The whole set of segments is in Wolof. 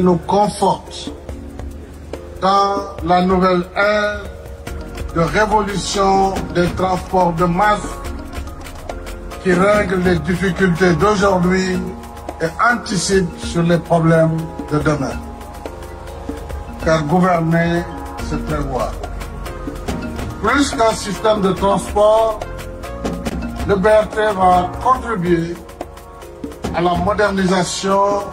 nous conforte dans la nouvelle ère de révolution des transports de masse qui règle les difficultés d'aujourd'hui et anticipe sur les problèmes de demain. Car gouverner, c'est prévoir. Plus qu'un système de transport, le BRT va contribuer à la modernisation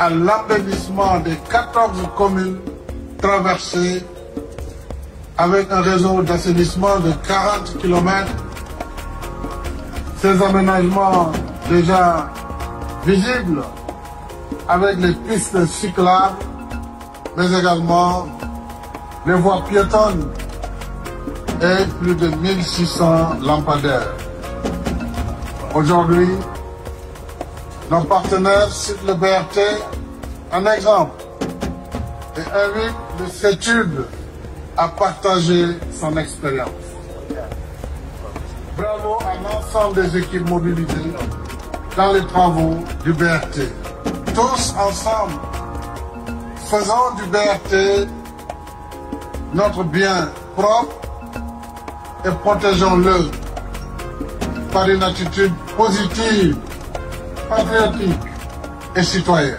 à l'aménagement des 14 communes traversées avec un réseau d'assainissement de 40 km. Ces aménagements déjà visibles avec les pistes cyclables, mais également les voies piétonnes et plus de 1600 lampadaires. Aujourd'hui, nos partenaires Cycle le BRT un exemple, et invite le CETUB à partager son expérience. Bravo à l'ensemble des équipes mobilisées dans les travaux du BRT. Tous ensemble, faisons du BRT notre bien propre et protégeons-le par une attitude positive, patriotique et citoyenne.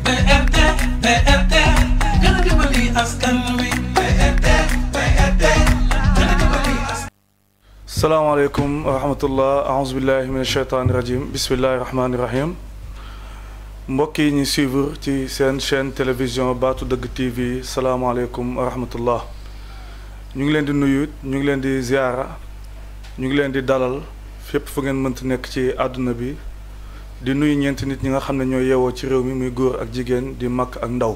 السلام عليكم ورحمة الله أعوذ بالله من الشيطان الرجيم بسم الله الرحمن الرحيم mbokk yi ñu suivre ci seen chaîne télévision Baatu Dëgg TV salaamaaleykum wa rahmatullah ñu ngi leen di nuyu ñu ngi leen di ziara ñu ngi leen di dalal fépp fu ngeen mënta nekk ci àdduna bi di nuyu ñeenti nit ñi nga xam ne ñoo yeewoo ci réew mi muy góor ak jigéen di mag ak ndaw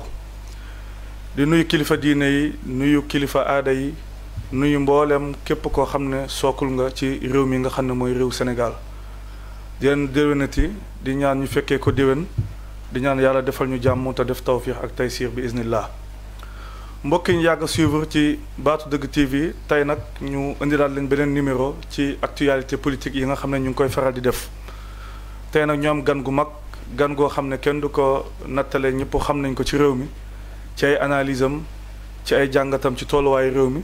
di nuyu kilifa diine yi nuyu kilifa aada yi nuyu mboolem képp koo xam ne sookul nga ci réew mi nga xam ne mooy réew Sénégal di leen déwénati di ñaan ñu fekkee ko déwén di ñaan yàlla defal ñu jàmm te def tawfiix ak taysiir bi iznillah mbokk yi yàgg a suivre ci Baatu Dëgg TV tey nag ñu indi indilaat leen beneen numéro ci actualité politique yi nga xam ne ñu ngi koy faral di def tey nag ñu am gan gu mag gan goo xam ne kenn du ko nattale ñëpp xam nañ ko ci réew mi ci ay analyse am ci ay jàngatam ci tolluwaayu réew mi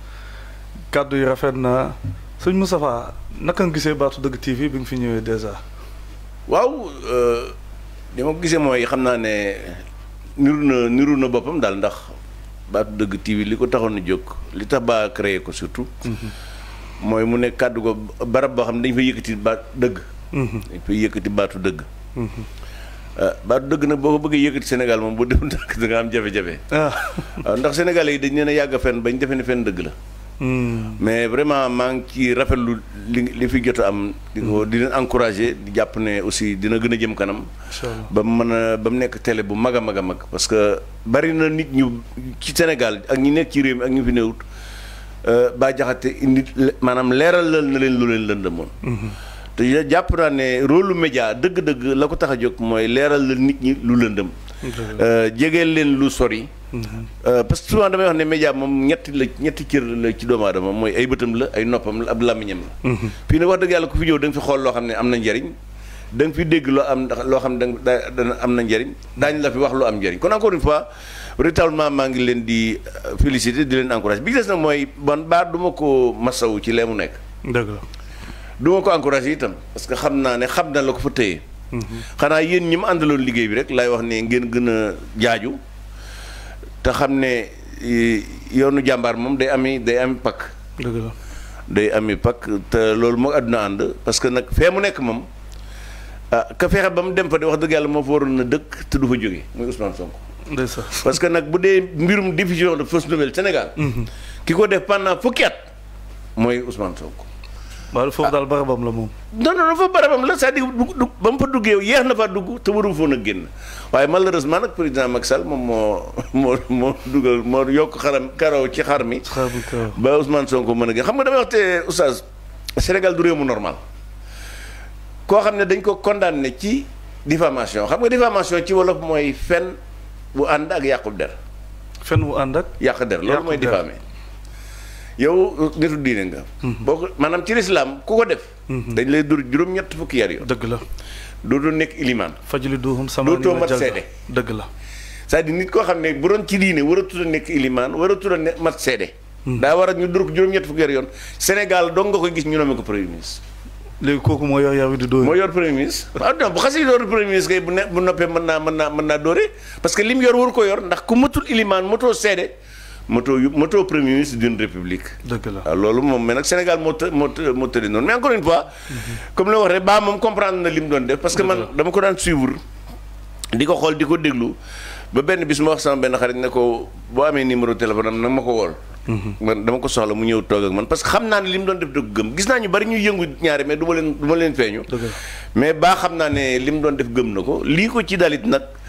kàddu yi rafet na sëñ Moustapha naka nga gisee baatu dëgg TV bi nga fi ñëwee dèjà. waaw li euh, ma ko gisee mooy xam naa ne niru na niru na boppam daal ndax baatu dëgg TV li ko taxoon a jóg li tax ba créé ko surtout. Mhm. mooy mu ne kàddu ko barab boo xam ne dañu fay yëkkati baatu dëgg. Mhm. dañ fay yëkkati baatu dëgg. Mhm. Euh, baatu dëgg nag boo ko bëggee yëkkati senegal moom bu déglu da nga am jafe-jafe. Ah. ndax Sénégalais yi dañ leen a yàgg fenn bañ defe ne fenn dëgg la. Mm. mais vraiment maa ngi ci rafetlu li fi jot am. di ko mm. di di jàpp ne aussi dina gën a jëm kanam. ba mu mën a ba mu nekk télé bu mag a mag a mag parce que bari na nit ñu ci Sénégal ak ñu nekk ci réew mi ak ñu fi wut euh, Bah Diakhaté indi maanaam leeral na leen lu leen lëndëmoon. Mm-hmm. te jàpp naa ne rôle média dëgg-dëgg la ko tax a jóg mooy leeral la nit ñi lu lëndëm. Euh, jegeel leen lu sori. Euh, parce que souvent damay wax ne média moom ñetti la ñetti cër la ci doomu aadama mooy ay bëtam la ay noppam la ab làmmiñam la. Mhm. fii ne wax dëgg yàlla ku fi da nga fi loo xam ne am na njariñ dégg loo am loo xam ne dana am na njariñ daañu la fi wax lu am njariñ kon encore une fois véritablement maa ngi leen di euh, féliciter di leen encourager bi des na mooy man baar du ma ko masawu ci lee mu nekk. dëgg la du ma ko encourager itam parce que xam naa ne xam na la ko fa téye. Mhm. xanaa yéen ñi ma àndaloon liggéey bi rek laay wax ne ngeen gën a jaaju. te xam ne yoonu jàmbaar moom day ami day ami pakk day ami pakk te loolu moo àdduna ànd parce que nag fee mu nekk moom ah ka fexe ba mu dem fa di wax dëgg yàlla moo fa waroon na dëkk te du fa jóge muy Ousmane Sonko. ndeysaan nag bu dee mbirum diffusion de fausse nouvelle Sénégal. Mhm. ki ko def pendant fukki at mooy Ousmane Sonko. waaw foofu ah. daal barabam la moom. non non fa barabam la cest à du ba mu fa duggee yeex na dugg te waru foon génn waaye malheureusement nag président Macky moom moo moo moo dugal moo yokk xaram karaw ci xar mi. ba Ousmane Sonko mën a génn xam nga damay wax Sénégal du réew mu normal koo xam ne dañ ko condamné ci diffamation xam nga diffamation ci wolof mooy fen bu ànd ak yàqu der. fen wu ànd ak. yàq der loolu mooy diffamé. yow detu diine nga. Mhm. boo ko maanaam ci lislaam ku ko def. Mhm. dañ lay dur juróom-ñett fukk yar yoon. dëgg la dootoo nekk ilimaan. fajli duhum sama dootoo mat seede dëgg la. cest xam ne bu doon ci diine waratul nekk ilimaan waratul a ne mat mhm. daa war a ñu dur juróom-ñett fukki yar yoon Sénégal dong nga koy gis ñu nommé ko premier ministre. léegi kooku moo yor yaw di dóore moo yor premier ministre waaw ah, non bu xasee yor premier ministre kay bu ne bu noppee mën naa mën naa mën naa dóore lim yor waru ko yor ndax ku matul ilimaan matoo seede moto moto premier ministre d'une république lolu ah, mom mais nak sénégal mo mo télé non mais encore une fois comme le waxé ba mom comprendre na lim doon def parce que man dama ko dan suivre diko xol diko deglu ba ben bis mo wax sama ben xarit nako bo amé numéro téléphone nak mako wol mhm. man dama ko soxla mu ñew tok ak man parce que xamna naa ne doon def do gëm gis naa ñu bari ñu yëngu ñaari mais duma len duma len feñu mais ba xamna naa lim li doon def gëm nako li ko ci dalit nak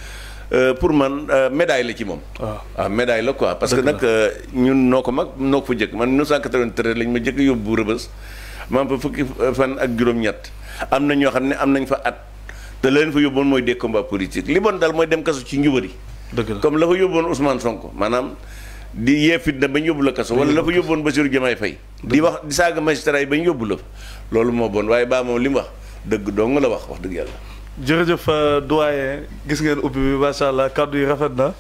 Euh, pour man euh, médaille la ci moom. waaw ah. ah, médaille la quoi. parce que nag euh, ñun noo ko mag noo ko fa jëkk man 1993 lañ ma jëkk yóbbu rëbës maa fa fukki fan ak juróom-ñett am na ñoo xam ne am nañ fa at te leen fa yóbboon mooy des combats politiques li bon dal mooy dem kaso ci njubari. dëgg la comme la fa yóbboon Ousmane Sonko maanaam. di yee fitna bañ yóbbu la kaso wala la fa yóbboon Bassirou Diomaye fay di wax di saaga magistrat ba ñu yóbbu la loolu moo bon waaye baa moom li mu wax dëgg dong la wax wax dëgg yàlla jërëjëf euh, doyen gis ngeen ubbi bi macha allah kàddu yi rafet na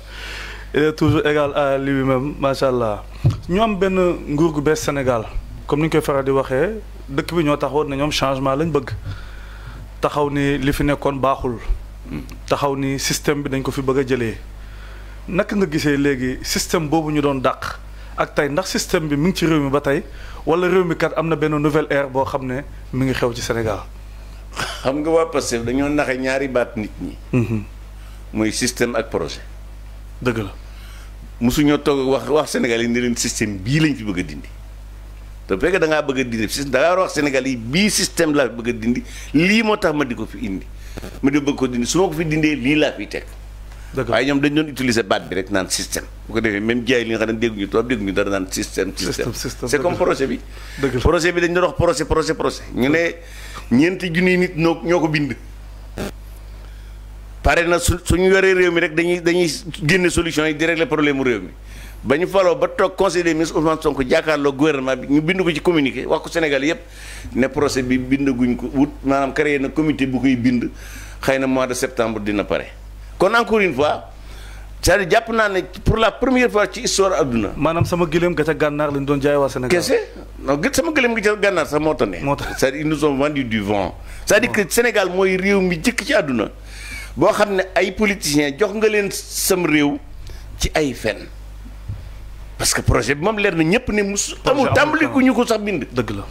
il toujours égal à lui-même macha allah ñoom benn nguur gu bees Sénégal comme ni koy faral di waxee dëkk bi ñoo taxawoon ne ñoom changement lañ bëgg taxaw ni li fi nekkoon baaxul taxaw ni système bi dañ ko fi bëgg a jëlee naka nga gisee léegi système boobu ñu doon dàq ak tey ndax système bi mi ngi ci réew mi ba tey wala réew mi kat am na benn nouvelle ère boo xam ne mi ngi xew ci Sénégal. xam nga wa Pastef dañu naxé ñaari baat nit ñi. hmm muy système ak projet. deug la musu ñu tok wax wax Sénégal yi ni leen système bi lañ fi bëgg dindi te bëgg da nga bëgg dindi ci da ngaa war wax Sénégal yi bii système la bëgg dindi li mo tax ma diko fi indi ma di bëgg ko dindi su ma ko fi dindé li la fi tek dëgg ay ñom dañ doon utiliser baat bi rek naan système bu ko défé même jaay li nga dañ dégg ñu tok dégg ñu dara naan système. système c'est comme projet bi. projet bi dañ do wax projet projet projet ñu né ñeenti junniy nit ñoo ñoo ko bind. pare na su suñu yoree réew mi rek dañuy dañuy génne solution yi di régler problème mu réew mi ba ñu faloo ba toog conseil des ministres Ousmane jàkkaarloo gouvernement bi ñu bind ko ci communiqué wax ko Sénégal yépp ne procès bi bind guñ ko wut maanaam créé na comité bu koy bind xëy na mois de septembre dina pare kon encore fois. cest à jàpp naa ne pour la première fois ci histoire adduna. maanaam sama gëléem ga ca gànnaar lañ doon jaay waa Sénégal. kese non gë sama gëléem ga ca gànnaar sax moo moo tax c'est-à-dire ils nous ont vendu du vent. cest mooy réew mi jëkk ci àdduna boo xam ne ay politiciens jox nga leen sam réew ci ay fen parce que projet bi moom leer na ñëpp ne mu amul tàmbali ku ñu ko sax bind. dëgg la.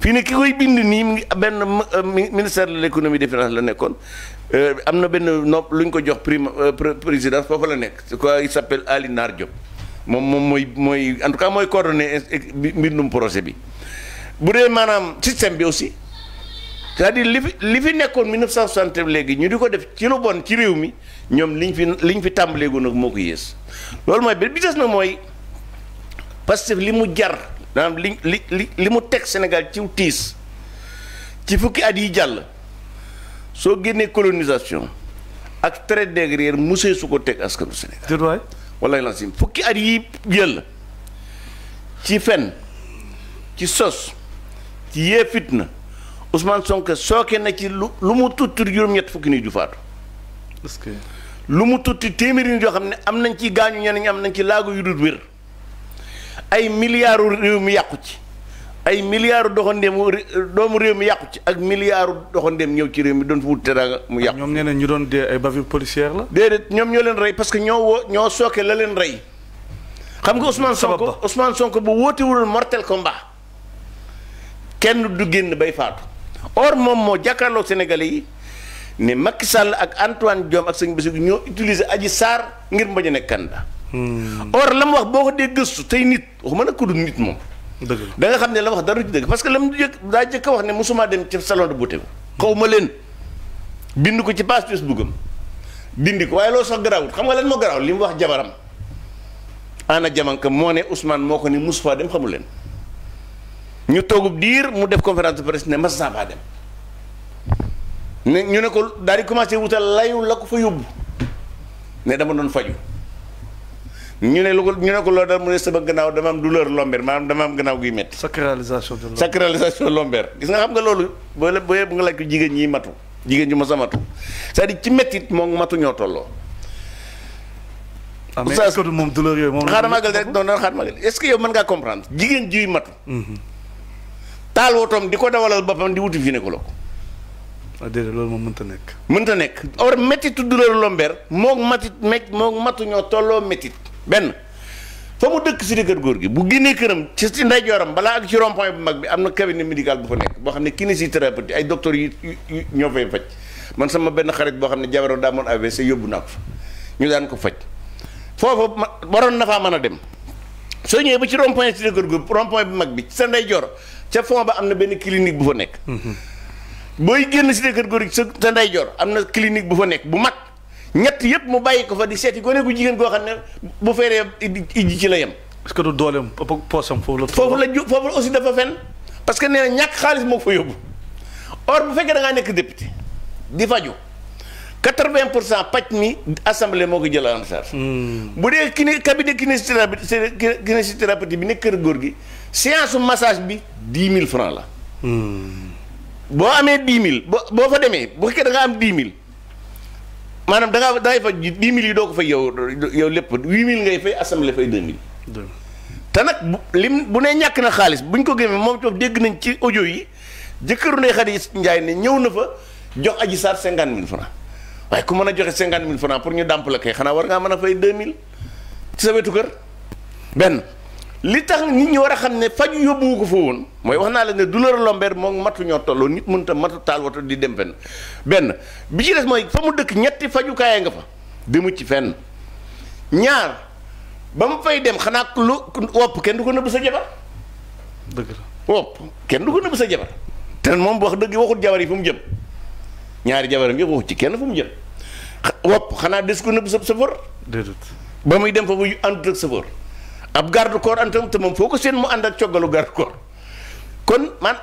fii ne ki koy bind nii mi benn euh, ministère de l' économie des la nekkoon euh, am na benn nopp lu ko jox prime euh, présidence foofu la nekk c'est quoi il s'appelle Ali Nar Diop moom moom mooy mooy en tout cas mooy coordonné mbindum projet bi bu dee maanaam système bi aussi cest di li fi li fi nekkoon 1960 léegi ñu di ko def ci lu bon ci réew mi ñoom ñu fi li ñu fi tàmbaleegu nag moo ko yées loolu mooy bi des na mooy parce que li mu jar. maanaam li li li li mu teg Sénégal ciw tiis ci fukki at yi jàll soo génnee colonisation ak traite négrière musee su ko teg askanu Sénégal. jërëjëf fukki at yi jël ci fen ci sos ci yee na Ousmane Sonko sooke na ci lu lu mu tuuti juróom-ñett fukki nit ju faatu. que lu mu tuuti téeméeri nit yoo xam ne am nañ ci gaañu ñeneen ñi am nañ ci laago yu dul wér. ay milliards réew mi yàqu ci ay milliards doxandéem doomu réew mi yàqu ci ak milliards doxandéem ñëw ci réew mi doon fa wut teraanga mu yàqu. ñoom nee na ñu doon dee ay bavure policière la. déedéet ñoom ñoo leen rey parce que ñoo ñoo sooke la leen rey. xam nga Ousmane Sonko Ousmane Sonko bu woote wul mortel combat kenn du génn bay faatu or moom moo jàkkaarloo Sénégalais yi ne Macky Sall ak Antoine Diome ak sëñ Bassirou ñoo utiliser aji Sarr ngir mbañ a nekk candidat Hmm. or la mu wax boo ko dee gëstu tey nit waxuma nag ku dul nit moom. dëgg da nga xam ne la wax dara ci dëgg parce que la mu jëkk daa jëkk wax ne mosuma dem ci salon de beauté xaw ma leen bind ko ci page Facebook am dindi ko waaye loolu sax garaawul xam nga leen moo garaaw li mu wax jabaram ana jamanka moo ne Ousmane moo ko ni mosu faa dem xamu leen ñu toogub diir mu def conférence de ne mas saa faa dem ne ñu ne ko daal di commencé wutal layu la ko fa yóbbu ne dama doon faju ñu ne lu ko ñu ne ko loolu dal mu ne sama gannaaw dama am douleur lombaire maanaam dama am gannaaw guy métti. sacralisation de lombaire gis nga xam nga loolu boo la boo yëpp nga laaj ko jigéen ñi matu jigéen ñi mos a matu c'est-à-dire moom matu ñoo tolloo. ah mais est-ce que moom douleur yooyu mhm. taal wotoom di ko dawalal boppam di wuti fi ne ko loolu moom mënta nekk. mënta nekk or méttitu douleur lombaire moog matit mét moog matu ñoo tolloo méttit benn fa mu dëkk cité kër góor gi bu génnee këram ci ci ndeyjooram balaa ak ci rond point bu mag bi am na cabinet médical bu fa nekk boo xam ne kinésithérapeute ay docteurs yu ñoo fay man sama benn xarit boo xam ne jabaram daa moon AVC yóbbu naa ko fa ñu daan ko faj foofu ma waroon na mën a dem soo ba ci rond point cité kër góor bu mag bi sa ndeyjoor ca fond ba am na benn clinique bu fa nekk. Mhm. booy génn cité kër góor gi sa sa ndeyjoor am na clinique bu fa nekk bu mag. ñett yépp mu bayyi ko fa di seeti gone gu jigen go xam bu feeree ijji ci la yam parce que do dolem posam fofu la fofu la fofu aussi dafa fen parce que nee ñak ñàkk mo fa yobbu or bu fekkee da nga nek député di faju 80 pour mi assemblée moo ko jël en charge hmm. bu dee kini cabinet kinésithérapie kinésithérapie bi nekk kër gor gi séance massage bi 10000 francs la bo amé 10000 bo fa démé bu fekkee da nga am 10000 maanaam da ngaa da ngay fay mille yi doo ko fay yow yow lépp huit mil ngay fay assemblée fay deux mille. te nag lim bu nee ñàkk na xaalis buñ ko gémmee moom itam dégg nañ ci audio yi jëkkëru Ndeye Khady Ndiaye ne ñëw na fa jox Adji Sarr cinquante mille francs waaye ku mën a joxe cinquante mille francs pour ñu dàmp la kay xanaa war ngaa man a fay deux mille ci sa wetu kër benn. li tax nit ñi war a xam ne faju yóbbuwu ko fa woon mooy wax naa la ne douleur lombaire moom matu ñoo tolloo nit mënut a matu taal woto di dem fenn benn bi ci des mooy fa mu dëkk ñetti fajukaay nga fa mu ci fenn ñaar ba mu fay dem xanaa ku wopp kenn du ko nëbb sa jabar dëgg wopp kenn du ko nëbb sa jabar te moom wax dëgg waxut jabar yi fu mu jëm ñaari jabaram yëpp waxut ci kenn fu mu jëm wopp xanaa des ko nëbb sa sa for ba muy dem fa bu àndut ak sa for ab garde corps antum te mom foko sen mu ànd ciogalu garde corps kon man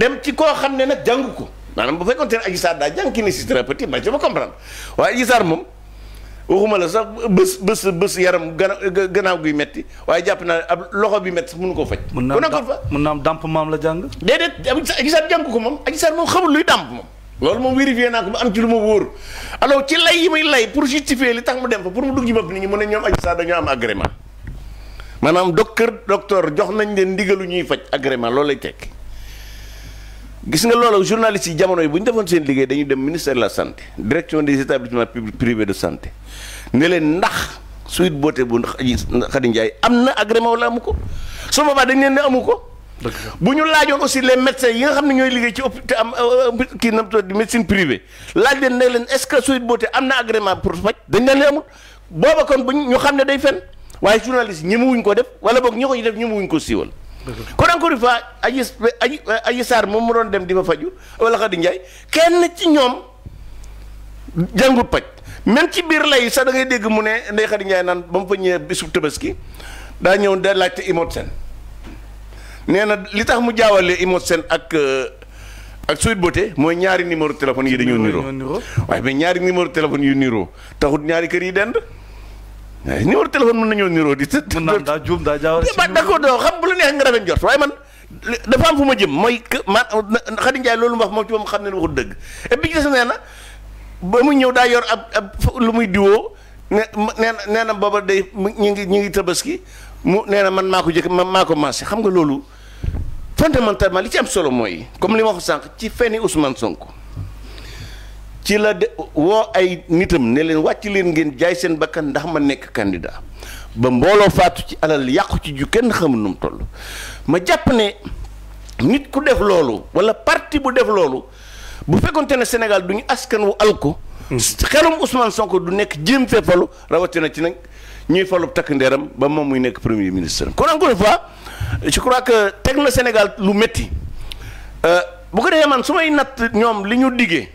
dem ci ko xamne nak janguko manam ko maanaam bu fekkoon te ne Adji Sarr ci très petit man je ma comprendre wa Adji mom waxuma la sax bés bés bés yaram gannaaw guy metti waye japp na ab loxo bi metti mënu koo fajj ku nekkoon fa mën damp mam la jang dedet Adji janguko mom ko mom xamul luy damp mom loolu mom vérifié nak am ci luma ma alors ci lay yi may lay pour justifier li tax mu dem fa pour mu dugg ci bop ni ñu mëna ñom dañu am agrément. maanaam docteur docteur jox nañ leen ndigalu ñuy faj agrément loolu lay tekki gis nga loolu journaliste yi jamono yi bu ñu defoon seen liggéey dañuy dem ministère de la santé direction des établissements publics de santé ne leen ndax Sweet Beauté bu Khady Ndiaye am na agrément wala amu ko su boobaa dañ leen ne amu ko. bu ñu laajoon aussi les médecins yi nga xam ne ñooy liggéey ci hôpital am euh, euh, kii nam di médecine privée laaj leen ne leen est-ce que Sweet Beauté am na pour faj dañ leen ne booba kon bu ñu xam ne day fen waaye journaliste ñemewuñ ko def wala bok ñi ko def ñemewuñ ko siiwal kon encore une fois mu dem di fa faju wala xadi njaay kenn ci ñoom jàngut paj même ci bir lay sax da ngay dégg mu ne ndey xadi njaay naan ba fa ñëwee bisub da ñëw da laajte imot sen nee na li tax mu jaawale imot sen ak euh, ak suite beauté nyari ñaari numéro téléphone yi dañoo niroo waaye mais ñaari numéro téléphone yu niro taxut ñaari kër yi dend Eh, waaye numéro téléphone mën nañoo niroo di. mën naa daa juum daa jaawale si d' accord xam bu la neexee nga rafet njort dafa am fu ma jëm mooy que man Khady Ndiaye loolu mu wax moom ci moom xam ne waxul dëgg et puis gis na ba mu ñëw daa yor ab ab lu muy diwoo ne nee na nee na booba day ñu ngi ñu ngi tabaski mu nee na man maa ko jëkk man maa ko maase xam nga loolu fondamentalement li ci am solo mooy comme li ma ko sànq ci fenni Ousmane Sonko. ci la de woo ay nitam ne leen wàcc leen ngeen jaay seen bakkan ndax ma nekk candidat ba mbooloo faatu ci alal yàqu ci ju kenn xamul nu toll ma jàpp ne nit ku def loolu wala parti bu def loolu bu fekkonte ne Sénégal du askan wu al ko hmm. xelum Ousmane Sonko du nekk jéem fee falu rawatina ci nag ñuy falu takk ndeeram ba moom muy nekk premier ministre kon encore je crois que teg na Sénégal lu métti euh, bu ko defee man su may natt ñoom li ñu diggee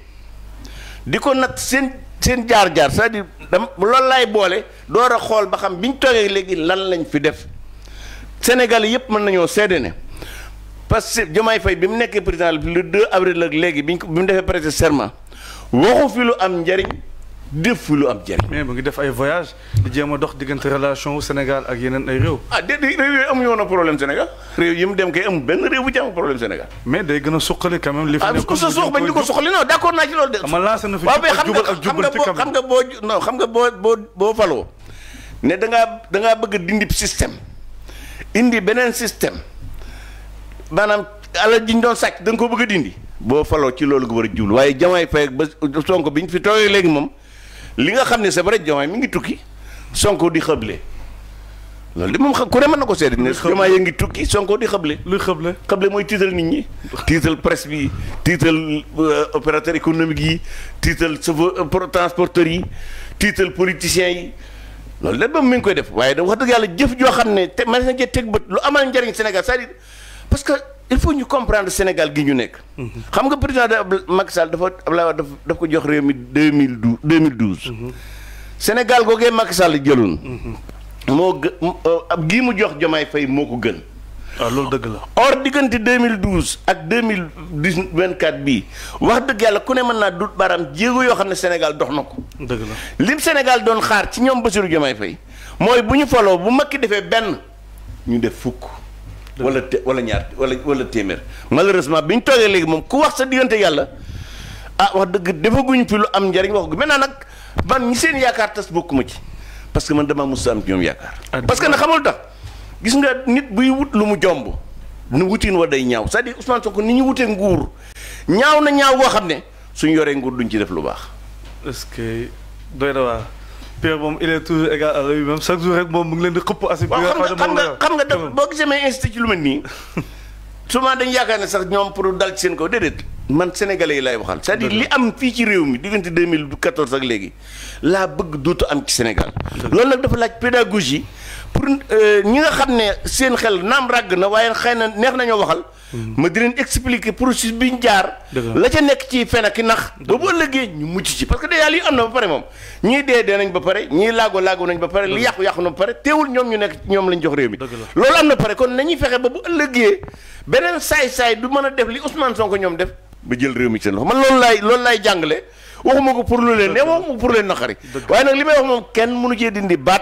di ko nag seen seen jaar-jaar c'est-à-dire dam loolu laay boole door a xool ba xam bi ñu toogee léegi lan lañ fi def Sénégal yëpp mën nañoo seede ne parce que Diomaye Faye bi mu nekkee président lu 2 avril ak léegi bi ñu ko bi mu defee prêter serment waxu fi lu am njariñ def fi lu am jëriñ. mais mu ngi def ay voyage di jéem a dox diggante relation Sénégal ak yeneen ay réew. ah déedéet réew yooyu amuñu woon a problème Sénégal réew yi mu dem kay amul benn réew bu ci am problème Sénégal. mais day gën a suqali quand même. li fi ah, nekk sa suux ko suqali non d' accord naa ci loolu de. xam lancé na fi jubal ak jubal ci boo non xam nga ne da ngaa bëgg dindi système indi beneen système maanaam alal ji ñu doon sàcc da ko bëgg a boo faloo ci loolu nga war a jublu waaye jamaay fay ba sonko bi ñu fi tooyee léegi moom li nga xam ne c'est vrai Diomaye mi ngi tukki Sonko di xëble loolu de moom xam ku ne mën na ko seede ne Diomaye ya ngi tukki Sonko di xëble luy xëble xëble mooy tiital nit ñi tiital presse bi tiital euh, opérateur économique yi tiital chauffeur euh, transporteur yi tiital politicien yi loolu de moom mu ngi koy def waaye da wax dëgg yàlla jëf joo xam ne te mën na cee teg bët lu amal njariñ Sénégal c'est-à-dire il faut ñu comprendre Sénégal gi ñu nekk. xam nga président de Macky Sall dafa Abdoulaye Wade daf ko jox réew mi deux mille douze deux mille douze. Sénégal googee Macky Sall jëloon. moo gë euh, ab gii mu jox Jomaay Faye moo ko gën. waaw ah, loolu dëgg la. or diggante mille 2012 ak 2024 bi wax dëgg yàlla ku ne mën naa dut baaraam jéego yoo xam ne Sénégal dox na ko. dëgg la lim Sénégal doon xaar ci ñoom Bassirou Diomaye Faye mooy bu ñu faloo bu Macky defee benn ñu def fukk. wala té wala ñaar wala wala téeméer malheureusement bi ñu toogee léegi moom ku wax sa diggante yàlla ah wax dëgg defaguñ fi lu am njariñ wax gu maintenant nag ban ñi seen yaakaar tas bokkuma ci parce que man damaa mos am ci ñoom yaakaar ah, parce que na xamul tax gis nga nit buy wut lu mu jomb nu wutin wa day ñaaw c'est-à-dire Ousmane Sonko ni ñu wutee nguur ñaaw na ñaaw boo xam ne suñ yoree nguur duñ ci def lu baax est-ce Pierre moom il est toujours égal à lui-même chaque jour rek moom mu ngi leen di xëpp asib. bi nga xam nga xam nga def boo gisee may ci lu mel nii souvent dañu yaakaar ne sax ñoom pour dal ci seen kaw déedéet. man sénégalais yi laay waxal. c'est-à-dire li am fii ci réew mi diggante 2014 ak léegi laa bëgg dootu am ci Sénégal. loolu nag dafa laaj pédagogie. pour euh, ñi nga xam ne seen xel naam ràgg na waaye xëy na neex nañoo waxal. ma di leen expliquer processus bi ñu jaar. la ca nekk ci fen ak i nax. ba bu ëllëgee ñu mucc ci parce que dèjà yi am na ba pare moom ñii dee dee nañ ba pare ñii laago laago nañ ba pare. li yàqu yàqu na ba pare teewul ñoom ñu nekk ñoom lañ jox réew mi. loolu am na pare kon nañuy fexe ba bu ëllëgee beneen saay-saay du mën a def li Ousmane Sonko ñoom def. ba jël réew mi seen loxo man loolu laay loolu laay jàngale waxuma ko pour lu leen ne waxuma ko pour leen naqari waaye kenn mënu cee dindi baat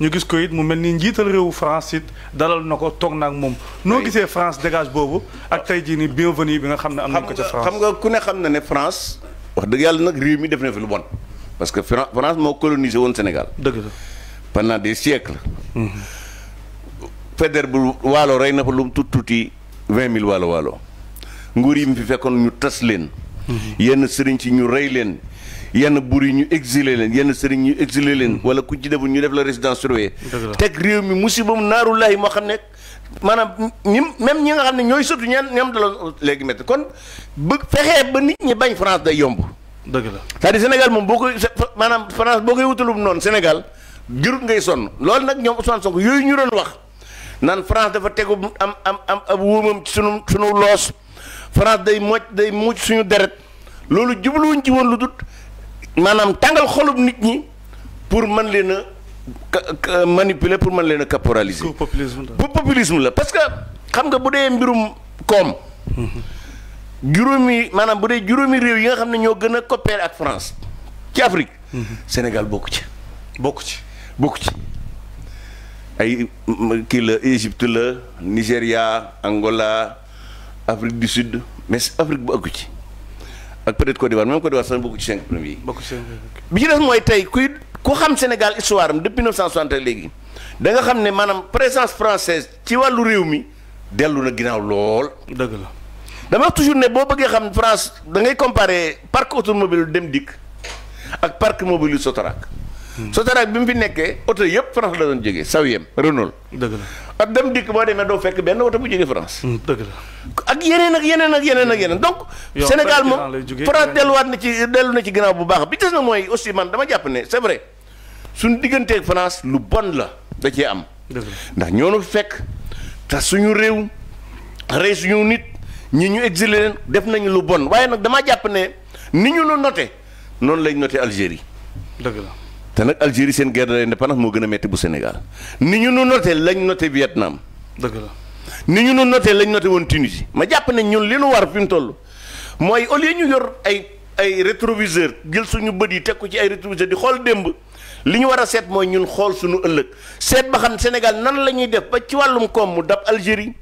ñu gis ko it mu mel ni njiital réewu France it dalal na ko toog na ak moom. noo gisee France dégage boobu ak tey jii ni bienvenue bi nga xam ne am nañ ko ca France. xam nga ku ne xam na ne France wax dëgg yàlla nag réew mi def na fi lu bon. parce que France moo colonisé woon Sénégal. dëgg la pendant de siècles. Mhm. Faidherbe bu waalo rey na fa lu mu tuuti tuuti vingt mille waalo waalo nguur yi mu fi fekkoon ñu tas leen. Mhm. yenn sëriñ ci ñu rey leen. yenn buur yi ñu exilé leen yenn sëriñ ñu exilé leen hmm. wala ku ci deful ñu def la résidence surveillée teg réew mi musibam naaru naarulaay moo xam ne maanaam ñi même ñi nga xam ne ñooy sotu ñeen ñoom daloon léegi métti kon bëgg fexee ba nit ñi bañ France day yomb dëgg la cest Sénégal moom boo koy maanaam France boo koy wutalum noonu Sénégal jërut ngay sonn loolu nag ñoom Ousmane Sonko yooyu ñu doon wax naan France dafa tegu am am am ab wóomam ci sunu sunu loos France day mocc day mucc suñu deret loolu jubluwuñ ci woon lu dut manam tangal xolub nit ñi pour man leena manipuler pour man leena caporaliser populisme la parce que xam nga bu dee mbirum kom juroomi manam bu dee juróomi réew yi nga xam ño gëna copier ak france ci afrique sénégal bokku ci bokku ci bokku ci ay ki la égypte la Nigeria angola afrique du sud mais afrique bu ci ak peut-être Côte d'Ivoire même Côte d'Ivoire sax bokk ci cinq premiers bi ci des mooy tey kuy ku xam Sénégal histoire am depuis 1960 léegi da nga xam ne maanaam présence française ci wàllu réew mi dellu na ginnaaw lool. dëgg la dama toujours ne boo bëggee xam France da ngay comparer parc automobile dem dikk ak parc mobile yu Sotrac. Sotrac bi mu fi nekkee oto yëpp France la doon jógee Sawiem Renault. dëgg la ak dem dikk boo demee doo fekk benn oto bu jógee France. Mm, dëgg la ak yeneen ak yeneen ak yeneen ak yeneen donc. Sénégal moom France delluwaat na ci dellu na ci ginnaaw bu baax bi des na mooy aussi man dama jàpp ne c'est vrai suñu digganteeg France lu bon la da cee am. ndax ñoo nu fekk te suñu réew rey suñu nit ñi ñu exilé leen def nañu lu bon waaye nag damaa jàpp ne ni ñu nu noté noonu lañ noté Algérie dëgg la. te nag Algérie seen guerre de l'indépendance moo gën a metti bu Sénégal ni ñu nu noté lañ noté Vietnam. dëgg la ni ñu nu noté lañ noté woon Tunisie ma jàpp ne ñun li nu war fi mu toll mooy au lieu ñu yor ay ay rétroviseur jël suñu bët yi teg ko ci ay rétroviseur di xool démb li ñu war a seet mooy ñun xool suñu ëllëg seet ba xam Sénégal nan la ñuy def ba ci wàllum koom mu dab Algérie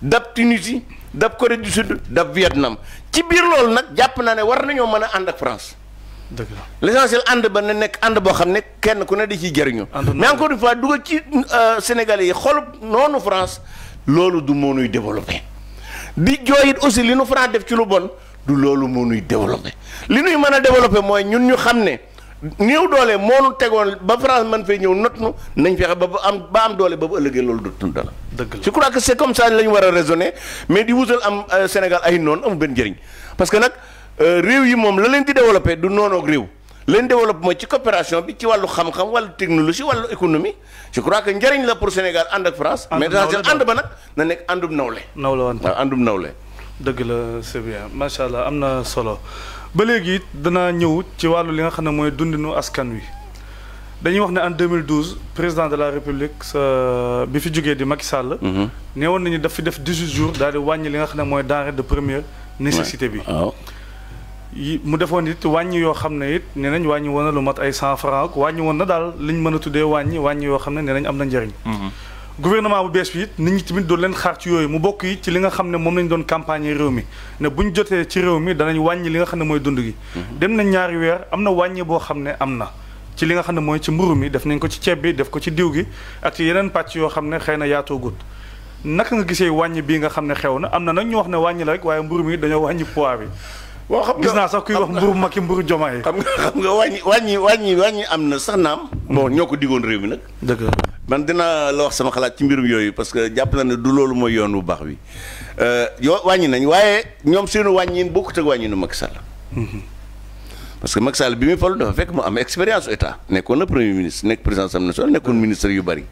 dab Tunisie dab Corée du Sud dab Vietnam ci biir loolu nag jàpp naa ne war nañoo mën a ànd ak France. dëgg la l'essentiel ànd ba na nekk ànd boo xam ne kenn ku ne da ciy jëriñu. mais encore une fois dugal ci euh, Sénégalais yi xolub noonu France loolu du moo nuy développé. di jooyit aussi li nu France def ci lu bon du loolu moo nuy développé li nuy mën a développé mooy ñun ñu xam ne néew doolee moo nu tegoon ba France man fee ñëw not nu nañ feex ba ba am ba am doole ba ba ëllëgee loolu du dara. dëgg la je crois que c'est comme ça la ñu war a raisonner mais di wutal am euh, s ay noonu amul benn njëriñ parce Euh, réew yi moom la leen di développé du noonu ak réew leen développé mooy ci coopération bi ci wàllu xam-xam wàllu technologie wàllu économie je crois que njëriñ la pour Sénégal ànd ak France. mais l'essentiel ànd ba nag na nekk àndum nawle. nawle woon waaw àndum nawle. dëgg la c'est bien macha allah am na solo ba léegi it danaa ñëw ci wàllu li nga xam ne mooy dundinu askan wi dañuy wax ne en 2012 président de la république sa bi fi jógee di mag Sall. Mhm. neewoon nañu daf fi def 18 jours daal di wàññi li nga xam ne mooy denrée de première nécessité bi. mu defoon it wàññi yoo xam ne it ne nañ wàññi woon na lu mat ay cent franc wàññi woon na daal liñ mën a tuddee wàññi wàññi yoo xam ne ne nañ am na njëriñ mhm. gouvernement bu bees bi it nit ñi tamit doon leen xaar ci yooyu mu bokk yi ci li nga xam ne moom lañ doon campagne réew mi ne buñ ñu jotee ci réew mi danañ wàññi li nga xam ne mooy dund gi mhm. dem na ñaari weer am na wàññi boo xam ne am na ci li nga xam ne mooy ci mburu mi def nañ ko ci ceeb bi def ko ci diw gi ak ci yeneen pàcc yoo xam ne xëy na yaatoo gut naka nga gisee wàññi bii nga xam ne xew na am na nag ñu wax ne wàññi la waaye mburu mi dañoo wàññi poids bi waaw xam nga gis naa sax kuy wax mburu Macky mburu Diomaye xam nga xam nga wàññi wàññi wàññi wàññi am na sax naam. Hmm. bon ñoo ko diggoon réew bi nag. dëgg man dinaa la wax sama xalaat ci mbirum yooyu parce que jàpp na ne du loolu mooy yoon bu baax bi euh, yoo wàññi nañ waaye ñoom seenu wàññiin bokkut ak wàññiinu Macky Sall. Hmm. parce que Macky Sall bi muy falu dafa fekk mu am expérience état nekkoon na premier ministre nekk président assemblée nekkoon hmm. ministre yu bari.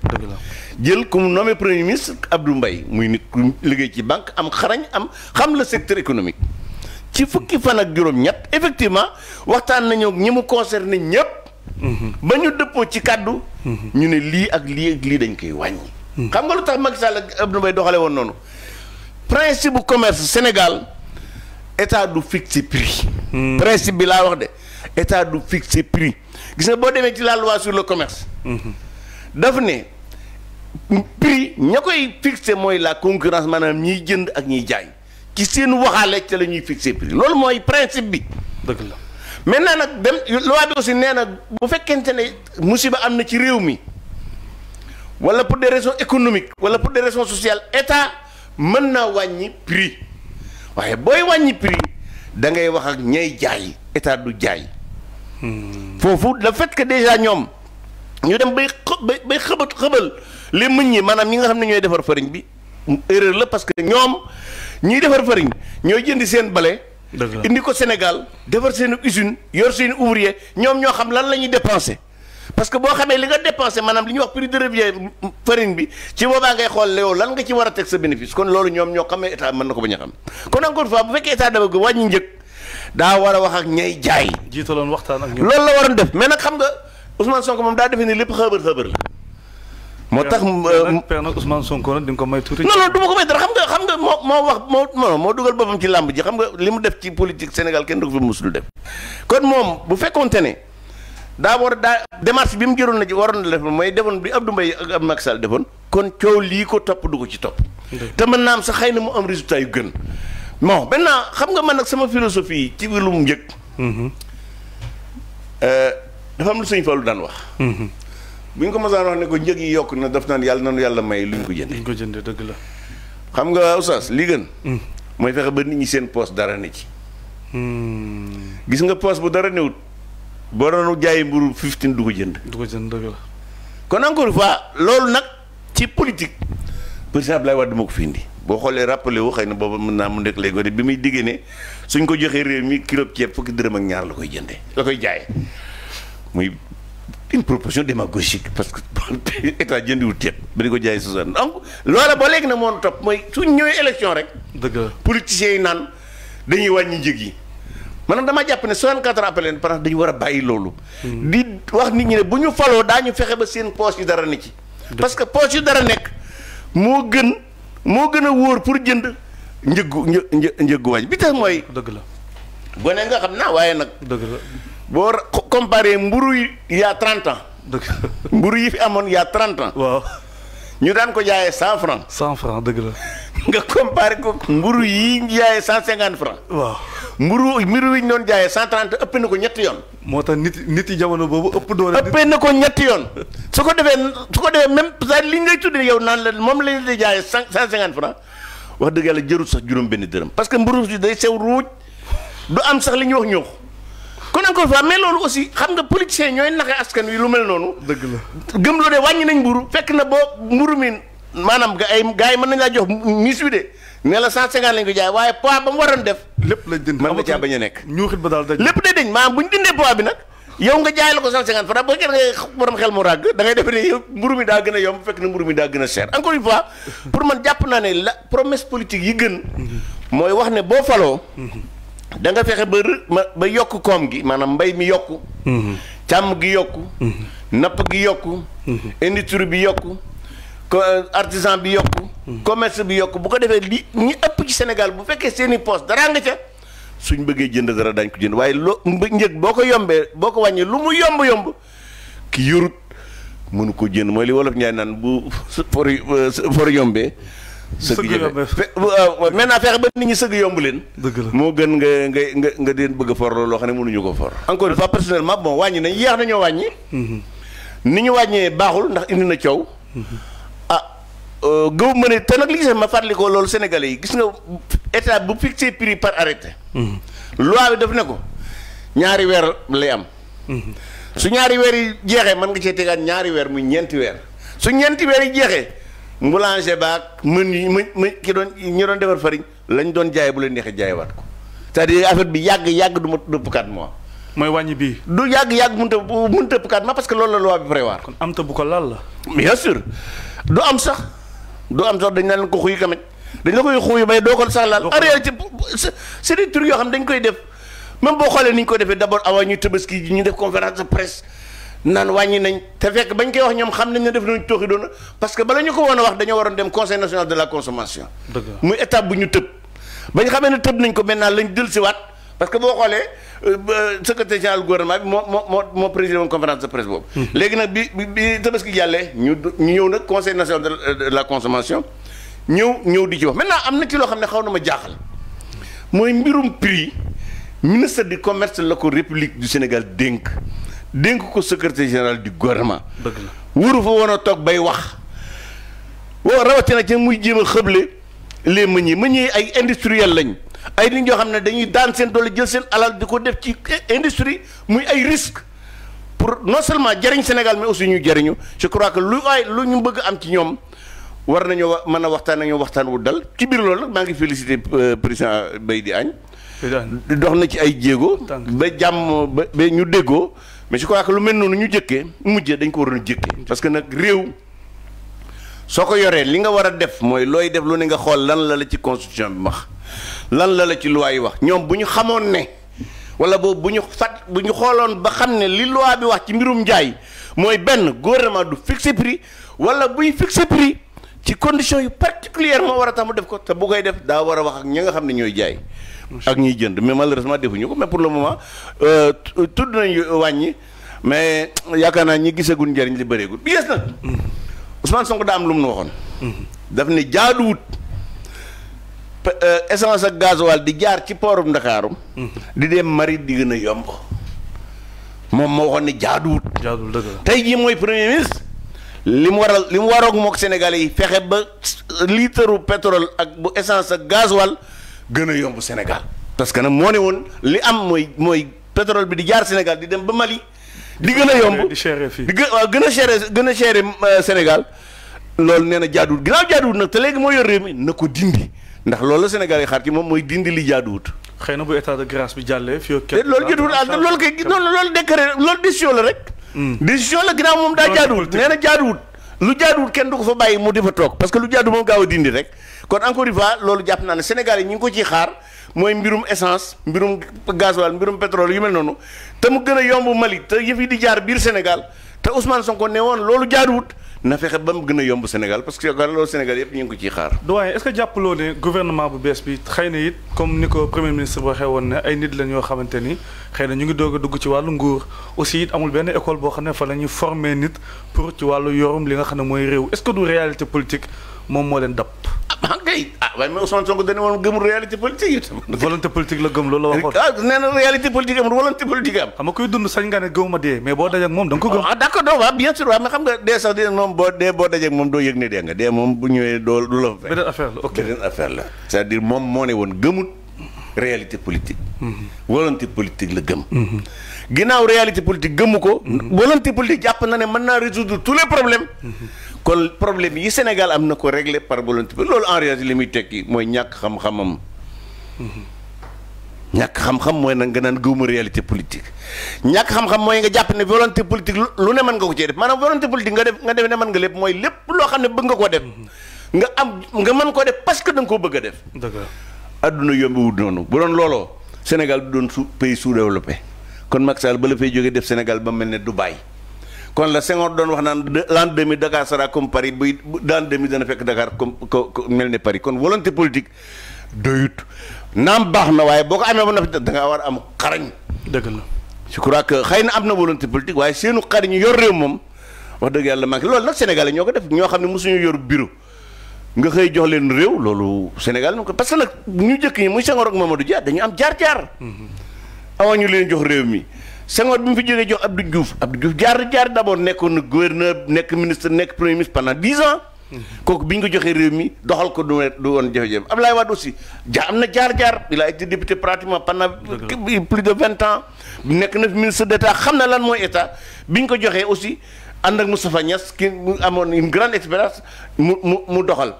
jël ku mu nommé premier ministre Abdou Mbaye muy nit ku liggéey ci banque am xarañ am xam la secteur économique ci fukki fan ak juróom-ñett effectivement waxtaan nañu ak ñi mu concerné ñëpp. ba ñu dëppoo ci kàddu. ñu ne lii ak lii ak lii dañ koy wàññi. xam nga lu tax Macky Sall ak Abdoul doxale woon noonu principe bu commerce Sénégal état du fixe prix. principe bi laa wax de état du fixe prix gis nga boo demee ci la loi sur commerce. daf ne prix ña koy fixé mooy la concurrence maanaam ñiy jënd ak ñiy jaay. ci seen waxale ci lañuy fixer prix lool moy principe bi. deug la maintenant nak dem loi bi aussi nee bu fekkente ne musiba amna ci réew mi wala pour des raisons économiques wala pour des raisons sociales état mën na wañi prix waye boy wañi prix da ngay wax ak ñay jaay état du jaay. Hmm. fofu le fait que déjà ñom ñu dem bay bay bay xebal xëbal meñ ni manam ñi nga xam ñoy défar defar fariñ bi erreur la parce que ñom ñiy defar farine ñooy jëndi seen bale. indi ko Sénégal defar seen usine yor seen ouvrier ñoom ñoo xam lan la ñuy dépensé. parce que boo xamee li nga dépensé maanaam li ñu wax prix de revient farine bi ci boobaa ngay xool yow lan nga ci war a teg sa bénéfice kon loolu ñoom ñoo xamee état mën na ko bañ a xam kon encore fois bu fekkee état dafa ko wàññi njëg daa war a wax ak ñay jaay. jiitaloon waxtaan ak ñoom loolu la waroon def mais nag xam nga Ousmane Sonko moom daa defee ni lépp xëbër la. moo tax. Euh, père nag Ousmane Sonko nag ko may tuuti. non non du ma ko dara xam nga moo moo wax moo non moo dugal boppam ci làmb ji xam nga li mu def ci politique Sénégal kenn du ko fi musul def. kon moom bu fekkonte ne daa war daa démarche bi mu jëroon na ci waroon na def mooy defoon bi Abdou Mbaye ak ab Macky Sall defoon. kon coow lii ko topp du ko ci topp. te mën naa am sax xëy na mu am résultat yu gën. moo benna xam nga man nag sama philosophie ci lu mu njëkk. dafa am lu sëñ Fallou daan wax. Mhm. bu ñu ko mosaan wax ne ko njëg yi yokk na daf naan yàlla nanu yàlla may lu ñu ko jëndee. lu ñu ko jëndee dëgg la. xam nga oustaz lii gën. Hmm. mooy fexe ba nit ñi seen poos dara ne ci. Hmm. gis nga poos bu dara newut boo doon jaay mburu 15 du ko jënd. du ko jënd dëgg la. kon encore une fois loolu nag ci politique. président Abdoulaye Wade moo ko fi boo xoolee rappelé wu xëy na booba mën naa mu nekk léegi de bi muy diggee ne suñ ko joxee réew mi kilo ceeb fukki dërëm ak ñaar la koy jëndee la koy jaayee une proposition démagogique parce que état jëndiwul ceeb ba di ko jaay Suzanne donc loola ba léegi na moon topp mooy su ñëwee élection rek. dëgg yi naan dañuy wàññi njëg yi. maanaam damaa jàpp ne 64 appelé par dañu war a bàyyi loolu. Hmm. di wax nit ñi ne bu ñu faloo ñu fexe ba seen poche yu dara ne ci. parce que poche yu dara nekk moo gën moo gën a wóor pour jënd njëgu një njëggu wàññi bi tax mooy. dëgg la gone nga xam naa waaye nag. dëgg la. boo comparé mburu y a 30 mburu yi fi amoon y a waaw ñu daan ko jaayee 100 francs. 100 francs dëgg la. nga comparé ko mburu yi ñu cent 150 francs. waaw mburu mburu yi ñu doon jaayee 130 ëpp na ko ñetti yoon. moo tax nit nit yi jamono boobu ëpp doole. ëppee na ko ñetti yoon su ko defee su ko defee même saa li ngay yow naan la moom la ñu di jaayee cent cinquante franc wax dëgg yàlla jërut sax juróom benn dërëm parce que mburu si day sew ruuj du am sax li ñuy wax ñuux. kon encore une fois mais loolu aussi xam nga politiciens ñooy naxe askan wi lu mel noonu. dëgg la gëm loo de wàññi nañ mburu fekk na boo mburu mi maanaam ga ay gars yi mën nañ laa jox miis wi de ne la 150 lañ ko jaay waaye poids ba mu waroon def. lépp lañ dindi mën nga caa ba daal dañ lépp day dañ maanaam bu ñu dindee poids bi nag. yow nga jaay la ko 150 francs ba kenn ngay borom xel mu ràgg da ngay def ne mburu mi daa gën a yomb fekk na mburu mi daa gën a cher encore une fois pour man jàpp naa ne la promesse politique yi gën mhm. mooy wax ne boo faloo mhm. da nga fexe ba ba yokk koom gi maanaam mbay mi yokk mhm. càmm gi yokk mhm. napp gi yokk indi mhm. industrie bi yokk yokku euh, artisan bi yokk commerce bi yokk bu ko defee li ñi ëpp ci Sénégal bu fekkee seen i poste daraa nga ca suñ bëggee jënd dara dañ ko jënd waaye loo njëg boo ko yombee boo ko wàññee lu mu yomb yomb ki yorut mënu ko jënd mooy li wolof ñaay naan bu for euh, for yombee sëgg yomb euh, maintenant fexe ba nit ñi sëgg yomb leen. dëgg moo gën nga nga nga nga di bëgg a for loo xam ne mënuñu ko for. encore une fois personnellement bon wàññi nañ yéex nañoo wàññi. Mm-hmm. ni ñu wàññee baaxul ndax indi na coow. Mm-hmm. ah euh, gëw ma ne te nag li gis ma fàttali ko loolu Sénégalais yi gis nga état bu fixé prix par arrêté. Mm-hmm. loi bi daf ne ko ñaari weer lay am. su ñaari weer yi jeexee mën nga cee tegaat ñaari weer muy ñeenti weer su ñeenti weer yi jeexee. boulanger baak mën yi mën ki doon ñi doon defar farine lañ doon jaay bu leen neexee jaayewaat ko cest à bi yàgg yàgg du ma dëpp 4 mois. mooy wàññi bi du yàgg yàgg mun a mënut a parce que loolu la loi bi prévoir. kon am ta bu ko laal du am sax du am sax dañ naan ko xuy kamet dañ la koy xuy bay doo ko sax laal. en réalité c'est des trucs yoo xam dañ koy def même boo xoolee ni ñu ko defee d'abord avant ñuy tabaski ñu def conférence de presse. naan wàññi nañ te fekk bañ koy wax ñoom xam nañ ne def nañ tooxi doon parce que bala ñu ko woon a wax dañoo waroon dem conseil national de la consommation. muy étape bu ñu tëb. bañ xamee ne tëb nañ ko maintenant lañ dël si waat parce que boo xoolee euh, secrétaire général gouvernement bi moo moo moo moo présidé woon conférence de bi bi tabaski jàllee ñu ñëw nag conseil national de la consommation ñëw ñëw di ci wax maintenant am na ci loo xam ne xaw na ma jaaxal mooy mbirum prix ministre du commerce la ko république du Sénégal dénk. dénk ko secrétaire général du gouvernement. dëgg la waru fa woon a toog bay wax. waaw na ci muy jéem a xëble les meuniers meuniers ay industriel lañ ay nit ñoo xam ne dañuy daan seen doole jël seen alal di ko def ci industrie muy ay risque pour non seulement jariñ Sénégal mais aussi ñu jariñu je crois que lu ay lu ñu bëgg am ci ñoom war wax mën a waxtaan ak waxtaan wu dal ci biir loolu nag maa ngi félicité euh, président Baye di Agne dox na ci ay jéego ba jàmm ba ba ñu déggoo mais je crois que lu mel noonu ñu jëkkee mujjee dañ ko waroon jëkkee parce que nag réew soo ko yoree li nga war a def mooy looy def lu ne nga xool lan la la ci constitution bi wax lan la la ci loi yi wax ñoom bu ñu xamoon ne wala boobu bu ñu fat bu ñu xooloon ba xam ne li loi bi wax ci mbirum njaay mooy benn gouvernement du fixer prix wala buy fixer prix ci condition yu moo war a tax mu def ko te bu koy def daa war a wax ak ñi nga xam ne ñooy jaay ak ñuy jënd mais malheureusement defuñu ko mais pour le moment euh, tudd nañu wàññi mais yaakaar naa ñi gisagul njëriñ li bëreegul bi gis nag Ousmane Sonko daa am lu mu waxoon. daf ne jaaduwut euh, essence ak gasoil di jaar ci poorum Ndakaarum. di dem mari di gën yomb. moom moo waxoon ne jaaduwut. tey jii mooy premier ministre. li mu waral li mu waroog mook Sénégalais yi fexe ba litre pétrole ak bu essence ak gasoil. gën a yomb Sénégal parce que nag moo ne woon li am mooy mooy pétrole bi di jaar Sénégal di dem ba Mali. li gën a yomb di fii gën a chéré gën a chéré euh, Sénégal loolu nee na jaaduwut ginnaaw jaaduwut nag te léegi moo yor réew mi na ko dindi loolu la Sénégal yi xaar ci moom mooy dindi li jaaduwut. xëy na bu état de grâce bi jàllee fii ak. loolu jotul ah loolu décision la rek. Hmm. décision la ginnaaw moom daa jaaduwut nee na jaaduwut lu jaaduwut kenn du ko fa bàyyi mu di fa toog parce que lu jaaduwut moom gaaw a dindi rek kon encore une loolu jàpp naa ne Sénégal yi ñu ngi ko ciy xaar mooy mbirum essence mbirum gasoil mbirum pétrole yu mel noonu te mu gën a yomb Mali te yëf di jaar biir Sénégal te Ousmane Sonko nee woon loolu jaaruwut na fexe ba mu gën a yomb Sénégal parce que loolu Sénégal yëpp ñu ngi ko ciy xaar. doyen jàppaloo ne bu bees bi xëy na it comme ni ko premier ministre woon ne ay nit lañ yoo xamante ni xëy na ñu ngi doog a dugg ci wàllu nguur aussi it amul benn école boo xam ne fa la ñuy former nit pour ci wàllu yorum li nga xam ne mooy réew est réalité politique moom moo leen dab ah kay ah waaye mais Ousmane Sonko dana woon gëmul la gëm loolu la waxoon. ah nee na réalité politique am volonté politique am. sañ nga ne ko gëm. ah d' accord doo dee sax dee moom boo doo yëg ne dee nga bu ñëwee doo du la fa. beneen la ok beneen affaire la. c' gëmut réalité politique. Mm-hmm. volonté politique la gëm. Mm-hmm. ginnaaw réalité politique gëmu ko. Mm-hmm. volonté politique jàpp na ne mën naa résoudre tous les kon problème yi Sénégal am na ko réglé par volonté loolu en réalité li muy tekki mooy ñàkk xam-xamam. ñàkk xam-xam mooy nag nga naan gëwuma réalité politique ñàkk xam-xam mooy nga jàpp ne volonté politique lu ne mën nga ko cee def maanaam volonté politique nga def nga def ne mën nga lépp mooy lépp loo xam ne bëgg nga ko def. Mm-hmm. nga am nga mën koo def parce que da nga koo bëgg a def. dëgg la adduna yombiwul noonu bu doon looloo Sénégal du doon su pays sous développé kon Macky Sall ba fay jógee def Sénégal ba mel ne Dubaï. kon la Senghor doon wax naan l'an 2000 Dakar sera comme Paris dana fekk Dakar comme mel ne Paris kon volonté politique doyut naam baax na waaye boo ko amee ba noppi da ngaa war a am xarañ. dëgg la je crois que xëy na am na volonté politique waaye seenu xariñ yor réew moom wax dëgg yàlla manqué loolu nag Sénégalais ñoo ko def ñoo xam ne mosuñu yor bureau nga xëy jox leen réew loolu Sénégal na ko parce que nag ñu jëkk ñi muy Senghor ak Mamadou Dia dañu am jaar-jaar. Mm-hmm. awañu leen jox réew mi. Senghor bi mu fi jógee jox Abdou Diouf Abdou Diouf jaar jaar d'abord nekkoon na gouverneur nekk ministre nekk premier ministre pendant dix ans. kooku bi ñu ko joxee réew mi doxal ko du du woon jafe-jafe Abdoulaye Wade aussi ja am na jaar-jaar il a été député pratiquement pendant plus de vingt ans nekk na fi ministre d' état xam na lan mooy état bi ñu ko joxee aussi ànd ak Moustapha Niass ki amoon une grande expérience mu mu mu doxal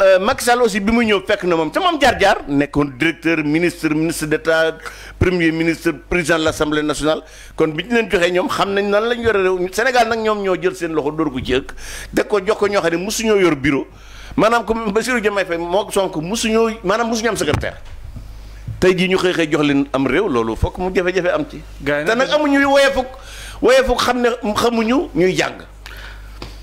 Euh, Macky Sall aussi bi mu ñëw fekk na moom te moom jaar-jaar nekk nekkoon directeur ministre ministre d'État premier ministre président de l'Assemblée national kon bi ñu leen joxee ñoom xam nañ nan lañ yore réew Sénégal nag ñoom ñoo jël seen loxo dóor ko ci ëkk da ko jox ko ñoo xam ne mosuñoo yor bureau maanaam comme Bassirou Diomaye Faye moo Sonko mosuñoo maanaam su mosuñu am secrétaire tey jii ñu xëy xëy jox leen am réew loolu fokk mu jafe-jafe am ci te nag amuñu woyee fukk woyee fukk xam ne xamuñu ñuy jàng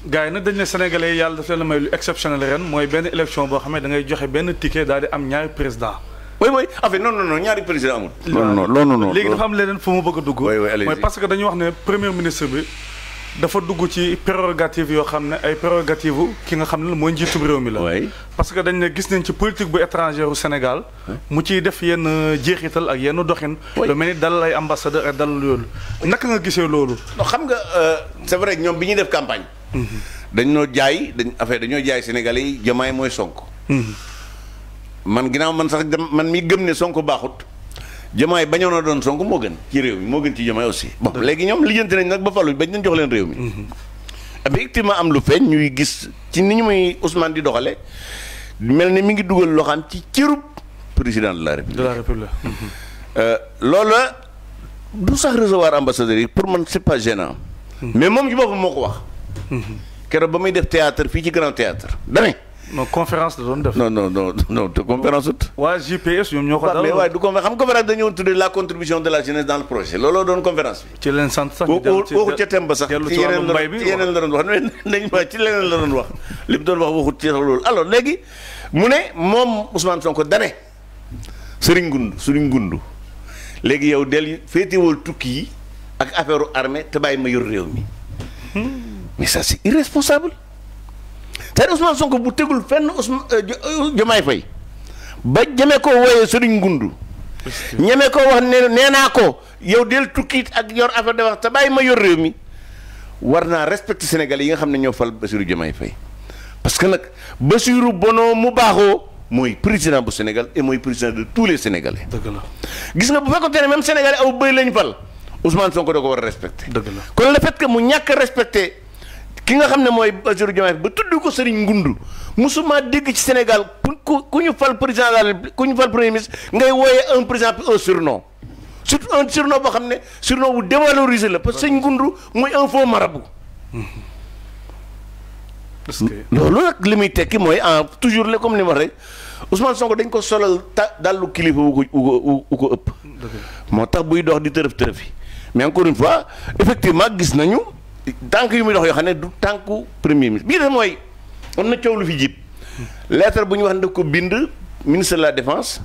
gars yi nag dañ ne sénégalais yi yàlla daf leen may lu exceptionnel ren mooy benn élection boo xam ne da ngay joxe benn ticket daal di am ñaari président oui oui affaire non non non ñaari président amul. léegi dafa am leneen fu mu bëgg a dugg. mooy parce que dañuy wax ne premier ministre bi dafa dugg ci prérogative yoo xam ne ay prérogative ki nga xam ne mooy njiitu réew mi la. parce que dañ ne gis nañ ci politique bu étranger u Sénégal. mu ciy def yenn jeexital ak yenn doxin. lu mel ni dalal ay ambassadeur ak dalal loolu. naka nga gisee loolu. non xam nga euh, c'est vrai ñoom bi ñuy def campagne. dañ noo jaay dañ affaire dañu jaay Sénégalais jamaay moy Sonko. man ginaaw man sax man mi gëm né Sonko baxut jamaay bañoon na doon Sonko mo gën ci réew mi mo gën ci jamaay aussi. bon léegi ñoom lijjanti nañ nag ba falu bañ ñu jox leen réew mi. effectivement am lu feñ ñuy gis ci niñ muy Ousmane di doxale melni mi ngi duggal loo xam ci ciirup président de la république. de la république. euh loola du sax recevoir ambassadeur pour man c'est pas gênant. Hmm. mais mom ci boppam moko wax. keroog ba muy def théâtre fii ci grand théâtre damay. non conférence la doon no non non non non te conférence ut. waa JPS ñoom ñoo ko. dal waaye du conférence xam conférence dañoo tuddee la contribution de la jeunesse dans le projet looloo doon conférence bi. ci leen sant sax ci yeneen la ci yeneen la doon wax nañ ci leneen la doon wax li mu doon wax waxut ci loolu alors léegi mu ne moom Ousmane Sonko dane Serigne Goundou Serigne Goundou léegi yow del féetewal tukki yi ak affaire armée te bàyyi ma yor réew mi. Hmm. mais ça c'est irresponsable c'est Ousmane Sonko bu tegul fenn Ousmane euh, euh, Diomaye Faye ba jëmee ko wooyee sëriñ ngundu ñeme ko wax ne nee naa ko yow del tukkiit ak yor affaire de wax te bàyyi ma yor réew mi war naa respecter Sénégal yi nga xam ne ñoo fal Bassirou Diomaye Faye parce que nag Bassirou Bono mu baaxoo mooy président bu Sénégal et mooy président de tous les Sénégalais. dëgg la gis nga bu fekkoonte ne même Sénégalais aw bëy lañ fal Ousmane Sonko da ko war ki nga xam ne mooy Bassirou ba tudd ko Serigne Ngundu musuma dégg ci Sénégal ku ku ñu fal président de la République ku ñu fal premier ministre ngay wooyee un président un surnom surtout un surnom boo xam ne surnom bu dévalorisé la parce que Serigne Ngundu mooy un faux marabout. que loolu nag li muy tekki mooy en toujours le comme ni ma rek Ousmane Sonko dañ ko solal ta dallu kilifa wu ko wu ko ëpp. moo tax buy dox di tërëf tërëf mais encore une fois effectivement gis nañu. tànk yu muy dox yoo xam ne du tànku premier ministre bii de mooy on na coow lu fi jib lettre bu ñu wax ne bind ministre de la défense.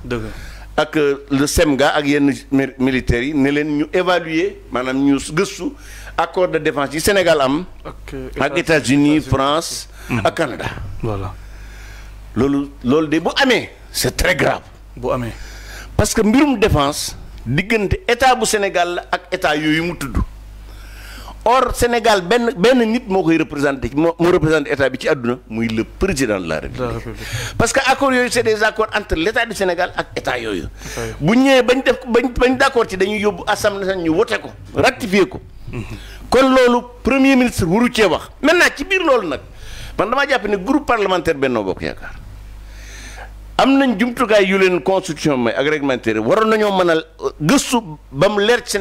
ak euh, le SEMGA ak yenn militaires ne leen ñu évaluer maanaam ñu accord de défense du Sénégal am. ak États-Unis France. Mhm. ak Canada. voilà loolu loolu de bu c'est très grave. bu parce que mbirum défense diggante état bu Sénégal la ak état yooyu mu tudd. or Sénégal benn benn nit moo koy représenté moo moo représenté état bi ci àdduna mu le président de la république parce que accords yooyu c'est des accords entre l'état du Sénégal ak état yooyu bu ñëwee bañ def bañ bañ d'accord ci dañuy yóbbu assemblée nationale ñu wote ko ratifié ko kon loolu premier ministre waru cee wax maintenant ci biir loolu nag man damaa jàpp ne groupe parlementaire Benno Bokk Yaakaar am nañ jumtukaay yu leen constitution may ak réglementaire waroon nañoo mën a euh, gëstu ba mu leer ci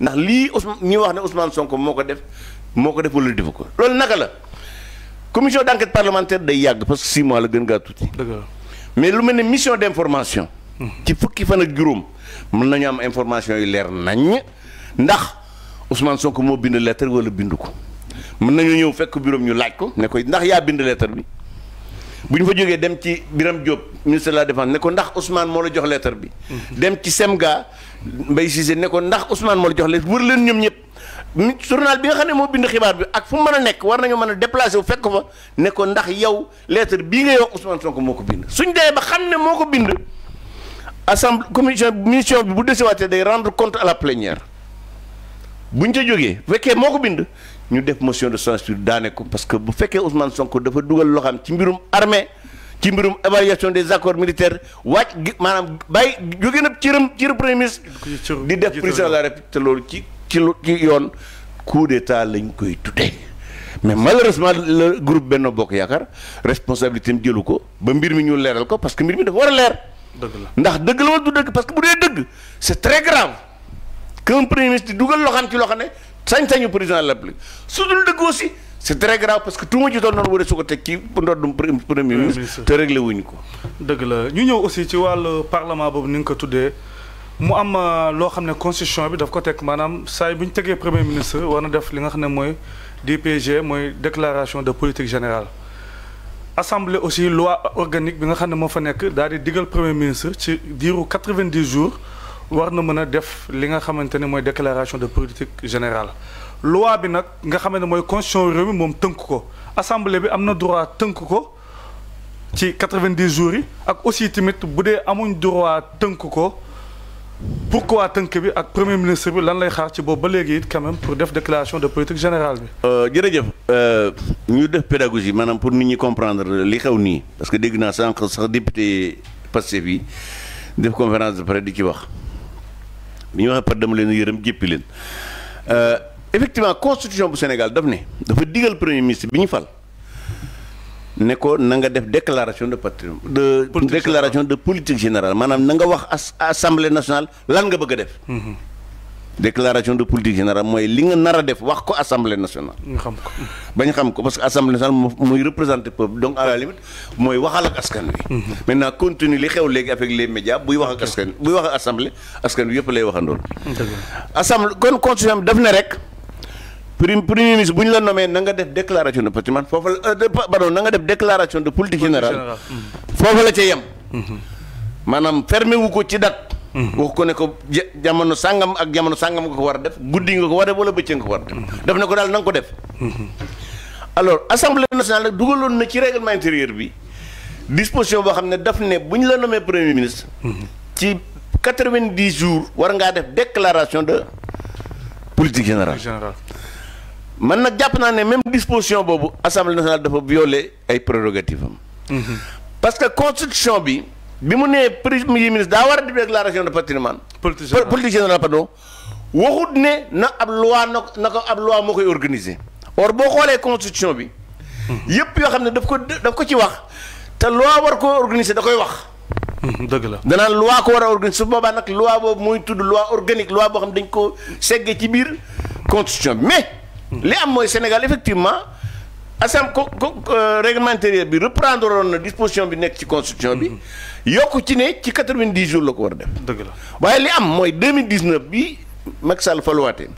ndax lii Ousmane ñuy wax ne Ousmane Sonko moo ko def moo ko def wala defu ko loolu naka la commission d' enquête parlementaire day yàgg parce que six mois la gën gaa tuuti. mais lu mel ne mission d' information. ci fukki fan ak juróom mën nañu am information yu leer nañ ndax Ousmane ko moo bind lettre wala bind ko mën nañu ñëw fekk bureau ñu laaj ko ne ko ndax yaa bind lettre bi. bu ñu fa jógee dem ci Biram Diop ministre de la défense ne ko ndax Ousmane moo la jox lettre bi. dem ci Semga Mbaye Cissé ne ko ndax Ousmane moo la jox lettre wër leen ñoom ñëpp. journal bi nga xam ne moo bind xibaar bi ak fu mu mën a nekk war nañu mën a déplacé wu fekk fa ne ko ndax yow lettre bi nga yow Ousmane Sonko moo ko bind suñ demee ba xam ne moo ko bind assemblée commission mission bi bu desewaatee day rendre compte à la plénière buñ ca jógee bu fekkee moo ko bind ñu def motion de censure daane ko parce que bu fekkee Ousmane Sonko dafa dugal loxam ci mbirum armee ci mbirum évaluation des accords militaires wàcc gi maanaam bàyyi jóge na cëram cër premier ministre di def président de la république te loolu ci ci ci yoon coup d'état lañ koy tuddee mais malheureusement la groupe benn Bokk Yaakaar responsabilité am jëlu ko ba mbir mi ñu leeral ko parce que mbir mi dafa war a leer ndax dëgg la wala du dëgg parce que bu dee dëgg c'est très grave qu'un premier ministre di dugal loxam ci loo ne sañ-sañu président de la République su dul dëgg aussi c' très grave parce que tu ji doon noonu war a su ko teg ci ndoddum premier ministre te réglé wuñ ko. dëgg la ñu ñëw aussi ci wàll parlement boobu ni nga ko tuddee mu am euh, loo xam ne constitution bi daf ko teg maanaam saa bi ñu tegee premier ministre war na def li nga xam ne mooy di DPG mooy déclaration de politique général assemblée aussi loi organique bi nga xam ne moo fa nekk daal di digal premier ministre ci diiru 90 jours. war na mën def li nga xamante moy déclaration de politique générale loi bi nak nga xamante moy constitution réew mi mom teunk ko assemblée bi amna droit teunk ko ci 90 jours yi ak aussi timit bu amuñ droit teunk ko pourquoi teunk bi ak premier ministre bi lan lay xaar ci boobu ba légui it quand même pour def déclaration de politique générale bi. euh jërëjëf euh, ñu def pédagogie manam pour nit ñi comprendre li xew ni parce que dégg na sànq sax député passé bi def conférence de presse di ci wax. bi ñu waxee par dama leen yërëm jéppi leen euh, effectivement constitution bu Sénégal daf ne dafa digal premier ministre bi ñu fal ne ko na nga def déclaration de patrimoine de déclaration de politique générale maanaam na nga wax assemblée nationale lan nga bëgg a def mm-hmm. déclaration de politique générale mooy li nga nar a def wax ko assemblée nationale. bañ xam ko parce que assemblée muy représenté peuple donc à la mooy waxal ak askan wi. Mhm. maintenant continue li xew léegi avec les médias buy wax ak askan buy wax ak assemblée askan wi yëpp lay waxandoon. assemblée kon constitution bi daf rek. prime premier ministre bu la nommé na def déclaration de patrimoine foofu la euh, pardon na def déclaration de politique mhm. wax ko ne ko jamono sàngam ak jamono sàngam nga ko war a def guddi nga ko war a def wala bëccëg nga ko war a def daf ne ko daal nanga ko def alors assemblée nationale nag dugaloon na ci règlement intérieur bi disposition boo xam ne daf ne bu ñu la nommé premier ministre ci quatre-vingt-dix jours war ngaa def déclaration de politique générale man nag jàpp naa ne même disposition boobu assemblée nationale dafa violé ay prérogatives am mhm. parce que constitution bi bi mu nee premier ministre daa war a def déclaration de patrimoine. politique politique générale pardon. waxut ne na ab loi na na ko ab loi moo koy organiser. or boo xoolee constitution bi. Hmm. yëpp yoo xam ne daf ko daf ko ci wax. te loi war ko organiser da koy wax. Hmm, dëgg la danaan loi ko war a organiser su boobaa nag loi boobu muy tudd loi organique loi boo xam ne dañ koo seggee ci biir constitution bi mais. Hmm. li am mooy Sénégal effectivement. assemblée co co euh, règlement intérieur bi reprendre woon disposition bi nekk ci constitution bi. Mm-hmm. yokk ci ne ci quatre jours la ko war a def. dëgg la waaye li am mooy deux mille dix-neuf bi Macky Sall faluwaatee.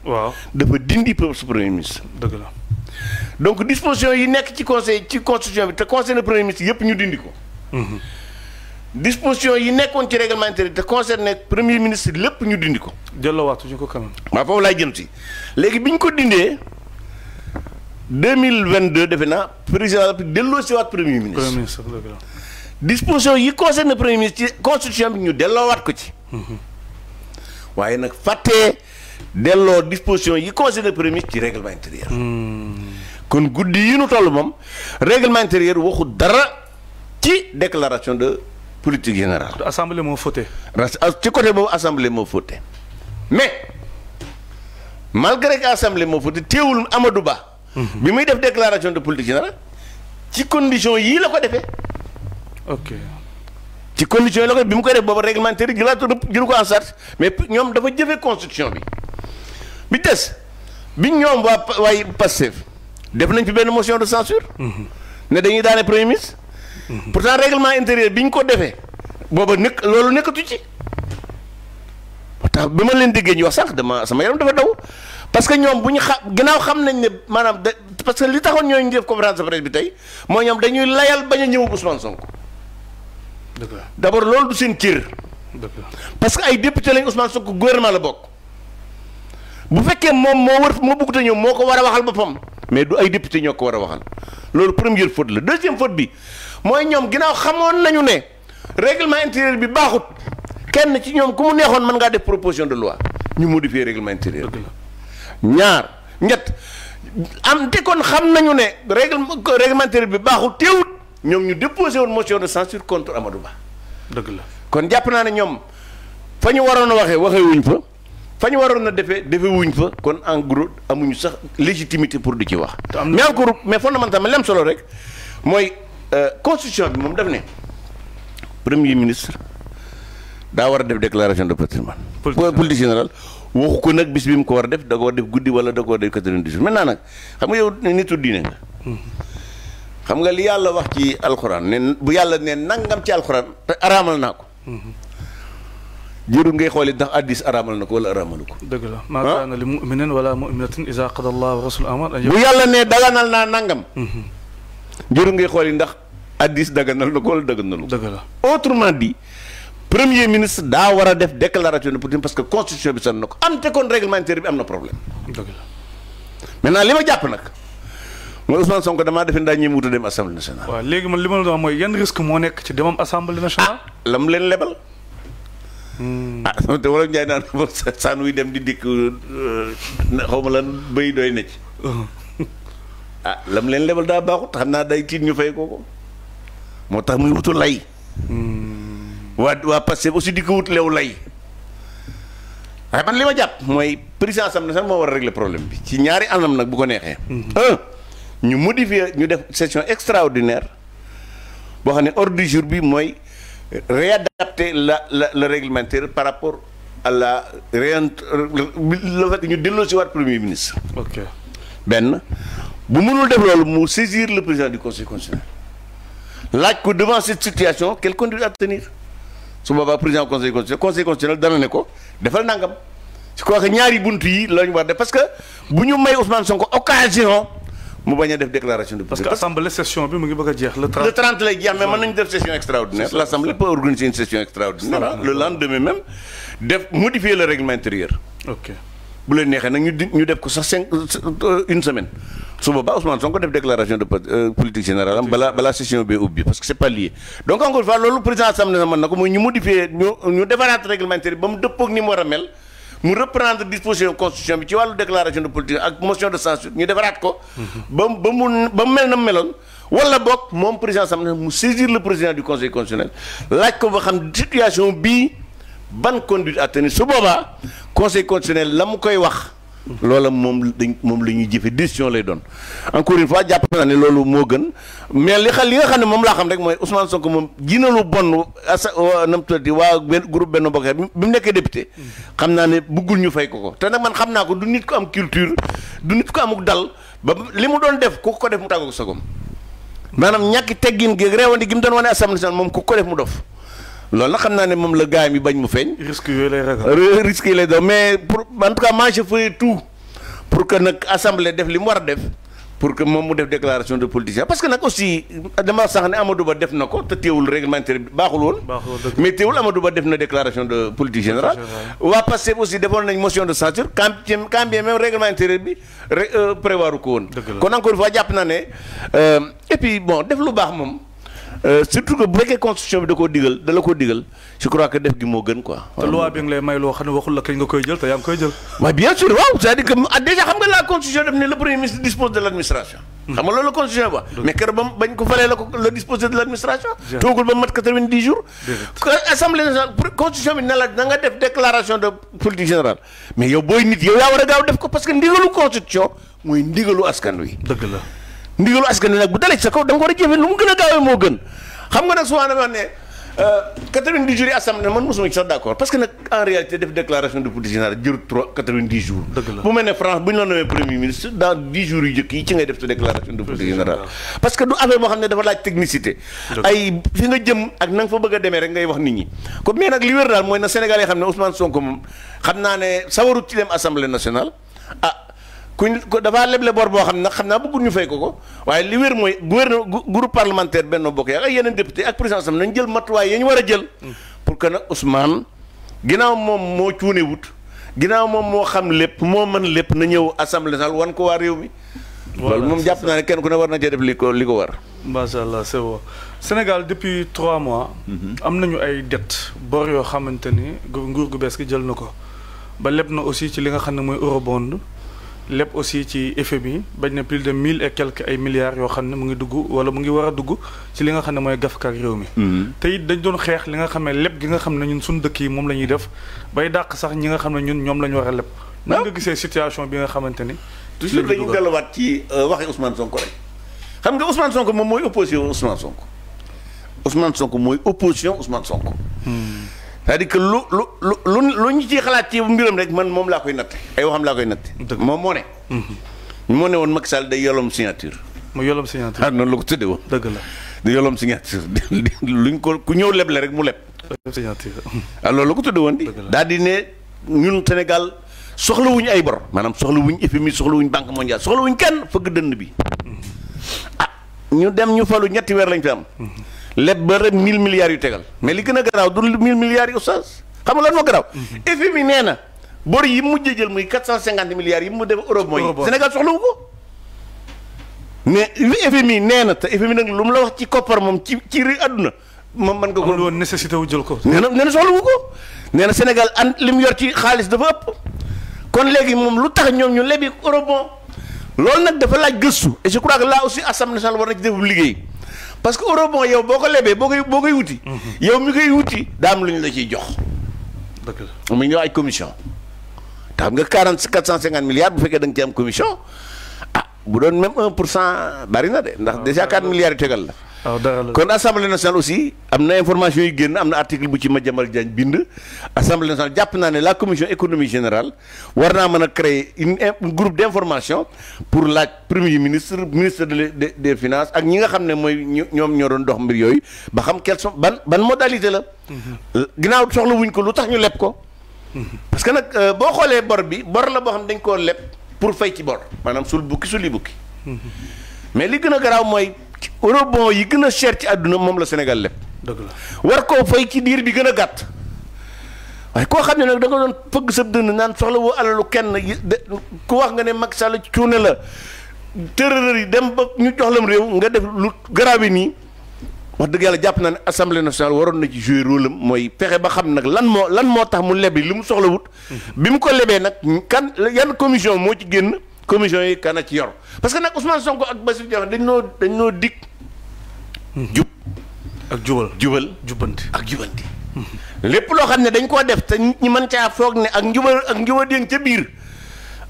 dafa dindi premier ministre. donc disposition yi nekk ci conseil ci constitution bi te concerne premier ministre yëpp ñu dindi ko. Mm-hmm. disposition yi nekkoon ci règlement intérieur te concerne premier ministre lépp ñu dindi ko. jëloowaatuñu ko quand même. waaw foofu laay jëm si léegi bi ko dindee. deux mille vingt deux defe naa président delloo si waat premier ministre. premier ministre disposition yi concerne premier ministre ci constitution bi ñu delloowaat ko ci. waaye nag fàttee delloo disposition yi concerne premier ministre ci règlement intérieur. Hmm. kon guddi yi nu toll moom règlement intérieur waxu dara ci déclaration de politique générale. assemblée moo fauté. Ah, ci côté boobu assemblée moo fauté mais malgré que assemblée moo fauté teewul Amadou Ba. bi muy def déclaration de politique générale ci condition yi la ko défé ok ci condition yi la ko bi mu ko def bobu réglementaire jëlaatu jëlu ko en charge mais ñom dafa jëfé constitution bi bi dess bi ñom wa way passif def nañ fi ben motion de censure mhm. ne dañuy daane premier ministre mhm. pourtant règlement intérieur biñ ko défé bobu nek lolu nekatu ci pourtant bima ma leen déggee ñu wax sax dama sama yaram dafa daw parce que ñoom bu ñu xa ginnaaw xam nañ ne maanaam da parce que li taxoon ñooñu def conférence de presse bi tey mooy ñoom dañuy layal bañ a ñëw Ousmane Sonko. d' abord loolu du seen cër. parce que ay député lañ Ousmane Sonko gouvernement la bokk. bu fekkee moom moo war moo bëggut a ñëw moo ko war a waxal boppam mais du ay député ñoo ko war a waxal loolu première faute la deuxième faute bi mooy ñoom ginnaaw xamoon nañu ne règlement intérieur bi baaxut kenn ci ñoom ku mu neexoon mën ngaa def proposition de loi ñu modifier règlement intérieur bi. ñaar ñett am te kon xam nañu ne réglementaire bi baaxul teewut ñoom ñu déposé woon motion de censure contre Amadou Ba. dëgg la kon jàpp naa ne ñoom fa ñu waroon a waxee waxee wuñ fa fa ñu waroon a defee defee wuñ fa kon en gros amuñu sax légitimité pour di ci wax. am mais encore mais fondamentalement lem solo rek mooy euh, constitution bi moom daf ne premier ministre daa war a def déclaration de patrimoine politique générale waxu ko nag bis bi mu ko war def da ko war def guddi wala da ko war def quatre-vingt-dix jours maintenant nag xam nga yow nitu diine nga. xam nga li yàlla wax ci alxuraan ne bu yàlla ne nangam ci alxuraan naa ko. jërul ngay xool ndax addis araamal na ko wala araamalu ko. dëgg la maa li muminin wala muminatin iza qada yàlla ne daganal naa nangam. Mhm. jërul ngay xool ndax addis daganal na ko wala daganalu ko. dëgg la autrement dit. premier ministre daa war a def déclaration de politique parce que constitution bi sonn na ko am te kon règlement intérieur bi am na problème. maintenant li ma jàpp nag mooy Ousmane Sonko damaa defe daa ñëw wut a dem assemblée nationale. li ma la mooy yan risque moo nekk ci demam assemblée nationale. Ah, la mu leen lebal. Hmm. ah te wala Ndiaye naan saan wuy dem di dikk euh, xaw ma la béy doy na ci. ah la mu leen lebal daa baaxut xam naa day tiit ñu fay ko ko moo tax muy wutu lay. Hmm. waa waa Pastef aussi di ko wut lew lay waaye man li ma jàpp mooy président assemblée sax moo war a régler problème bi ci ñaari anam nag bu ko neexee. Mhm. ñu modifier ñu def session extraordinaire boo xam ne ordre du jour bi mooy réadapter la la le par rapport à la réentre le fait que ñu delloo si waat premier ministre. ok benn bu mënul def loolu mu saisir le président du conseil constitutionnel laaj ko devant cette situation quelle conduite à tenir. su boobaa président conseil constitutionnel conseil constitutionnel dana ne ko defal nangam su ko waxee ñaari bunt yi la ñu war def parce que bu ñu may Ousmane Sonko occasion mu bañ a def déclaration de. parce que assemblée session bi mu ngi bëgg a jeex le 30. le 30 lay jeex mais mën nañu def session extraordinaire l' assemblée organiser une session extraordinaire. le lendemain même def modifier le règlement intérieur. bu leen neexee nag ñu di ñu def ko sax cinq euh, une semaine su boobaa Ousmane Sonko def déclaration de euh, politique générale am balaa balaa session bi ubbi parce que c'est pas lié donc encore une fois loolu président assemblée na mën na ko mooy ñu modifier ñu defaraat réglementaire ba mu dëppoog ni mu war a mel mu reprendre disposition constitution bi ci wàllu déclaration de politique ak motion de censure ñu defaraat ko. ba mu ba mu mel na meloon. wala boog moom président assemblée mu saisir le président du conseil constitutionnel bii. ban conduite à tenir su boobaa conseil constitutionnel la mu koy wax. loola moom dañ moom la ñuy jëfe décision lay doon encore une fois jàpp naa ne loolu moo gën mais li xa li nga xam ne moom laa xam rek mooy Ousmane Sonko moom ji na bon asa nam tuddati waa benn groupe benn bokk bi mu nekkee député xam naa ne bëggul ñu fay ko ko te nag man xam naa ko du nit ko am culture du nit ko amuk dal ba li mu doon def ku ko def mu tàggu sa sagom maanaam ñàkk teggin gi réewandi gi mu doon wane assemblée nationale moom ku ko def mu dof loolu na xam naa ne moom la gars yi bañ mu feeñ. risque yooyu lay ragal risque yi lay doon mais pour en tout cas nag assemblée def li mu war a def pour que moom mu def déclaration de politique que nag aussi dama sax ne Amadou def na ko te teewul réglementaire bi baaxul woon. mais teewul Amadou Ba def na déclaration de politique générale. waa Pastef aussi defoon nañ motion de censure quand quand bien même euh, prévoiru ko woon. kon encore une fois jàpp naa ne euh, et puis bon def lu baax moom. Euh, surtout que bu fekkee constitution bi da koo digal da la koo digal je def gi moo gën quoi. te loi bi nga lay may loo xam ne waxul la kañ nga koy jël te yaa ngi koy jël. waaw bien sûr waaw cest à ah, déjà xam nga la constitution def ne le premier ministre dispose de l'administration. Hmm. xam nga loolu la constitution ba. mais keroog ba bañ ko falee la ko la disposer que assemblée constitution bi ne la na def déclaration de politique générale. mais yow booy a ndigalu askan wi nag bu dalee ci sa kaw da nga war a lu mu gën a gaawee moo gën xam nga nag souvent dama ne 90 euh, jours yi assemblée man jours. dëgg la bu mel ne France bu ñu la nommé premier ministre dans 10 jours yu njëkk yi ci ngay def sa déclaration de politique générale. parce que du affaire boo xam ne dafa laaj technicité. ay fi nga jëm ak na fa bëgg a demee rek ngay wax nit ñi. kon mais nag li wér daal mooy na Sénégal yi xam ne Ousmane Sonko moom xam naa kuñ ko dafa leble bor boo xam ne nag xam naa bëggul ñu fay ko ko waaye li wér mooy gouvernement groupe parlementaire Benno Bokk Yaakaar ak yeneen député ak président sam nañ jël matuwaay yi ñu war a jël. pour que nag Ousmane ginnaaw moom moo cuune wut ginnaaw moom moo xam lépp moo mën lépp na ñëw assemblée sax wan ko waa réew mi. loolu moom jàpp naa ne kenn ku ne war na cee def li ko li ko war. macha allah c'est bon Sénégal depuis trois mois. Mhm. am nañu ay dettes bor yoo xamante ni nguur gu bees gi jël na ko ba leb na aussi ci li nga xam ne mooy eurobond. lépp aussi ci bi bañ na plus de mille et quelques ay milliards yoo xam ne mu ngi dugg wala mu ngi war a dugg ci li nga xam ne mooy gafkaak réew mi mhm. te dañ doon xeex li nga xam ne lépp gi nga xam ne ñun suñu dëkk yi moom la ñuy def bay dàq sax ñi nga xam ne ñun ñoom la ñu war a lépp nan nga gisee situation bi nga xamante ni toujours dañu delluwaat ci euh, waxee Ousmane Sonko rek xam nga Ousmane Sonko moom mooy opposition Ousmane Sonko Ousmane Sonko mooy opposition Ousmane Sonko hmm. c'est-à-dire que lu lu lu lu ñu ci xalaat ci mbiram rek man moom laa koy natt ay waxam laa koy natt moom moo ne mhm. moo ne woon Macky day yolom signature mu yolom signature ah noonu la ko tuddee woon dëgg la di yolom luñ ko ku ñëw leble rek mu leb signature ah loolu la ko tuddee woon di daal di ne ñun Sénégal soxlawuñu ay bor maanaam soxlawuñu FMI soxlawuñu banque mondiale soxlawuñu kenn fëgg dënd bi mhm. ah ñu dem ñu falu ñetti weer lañ fi am mhm. leb ba rek mill milliards yu tegal mais li gën a garaaw du mille milliards yu oustaz xam nga lan moo garaaw. Mhm. FMI nee na bor yi mu mujj jël muy quatre cent cinquante milliards yi mu def Europe mooy. Sénégal soxlawu ko. mais li FMI nee na te FMI nag lu mu la wax ci koppar moom ci ci ri àdduna moom mën nga ko. amul woon nécessité wu jël ko. nee na nee na soxlawu ko nee na Sénégal an li mu yor ci xaalis dafa ëpp kon léegi moom lu tax ñoom ñu lebi eurobond loolu nag dafa laaj gëstu et je crois que là aussi assemblée nationale war na ci def liggéey. parce que eurobond yow boo ko lebee boo koy boo koy wuti. Mhm. yow mi koy wuti daa am lu ñu la ciy jox. dëgg la mu ñëw ay commission. te xam nga quarante quatre cent cinquante milliards bu fekkee da nga ci am commission. bu doon même un pour cent bari na de ndax ah, déjà 4 milliards yu tegal ah, la. kon assemblée nationale aussi am na information yu génn am na article bu ci ma Madiambal Diagne bind. assemblée nationale jàpp naa ne la commission économie générale war naa mën a créer une groupe d' information pour laaj premier ministre ministre de des des finances ak ñi nga xam ne mooy ñoom ñoo doon dox mbir yooyu ba xam quelles sont ban ban modalité la. Mm-hmm. ginnaaw soxla wuñ ko lu tax ñu leb ko. Mm-hmm. parce que nag euh, boo xoolee bor bi bor la boo xam dañ koo leb. pour fay ci bor maanaam sul bukki suli bukki mais li gën a garaaw mooy eurobond yi gën a cher ci àdduna moom la Sénégal lépp dëgg la war koo fay ci diir bi gën a gàtt waaye koo xam ne nag da nga doon fëgg sa dënn naan soxla woo alalu kenn ku wax nga ne Macky Sall cuune la tërërër yi dem ba ñu jox lam réew nga def lu garaaw yi nii wax dëgg yàlla jàpp naa ne assemblée nationale waroon na ci jouer rôle mooy fexe ba xam nag lan moo lan moo tax mu lebi li mu soxla wut. bi mu ko lebee nag kan yan commission moo ci génn commission yi kan a ci yor parce que nag Ousmane Sonko ak Bassirou Diomaye dañ dañ noo dig. ak jubal jubal jubbanti ak jubbanti. lépp loo xam ne dañ koo def te ñi caa foog ne ak njubal ak njubal yëng ca biir.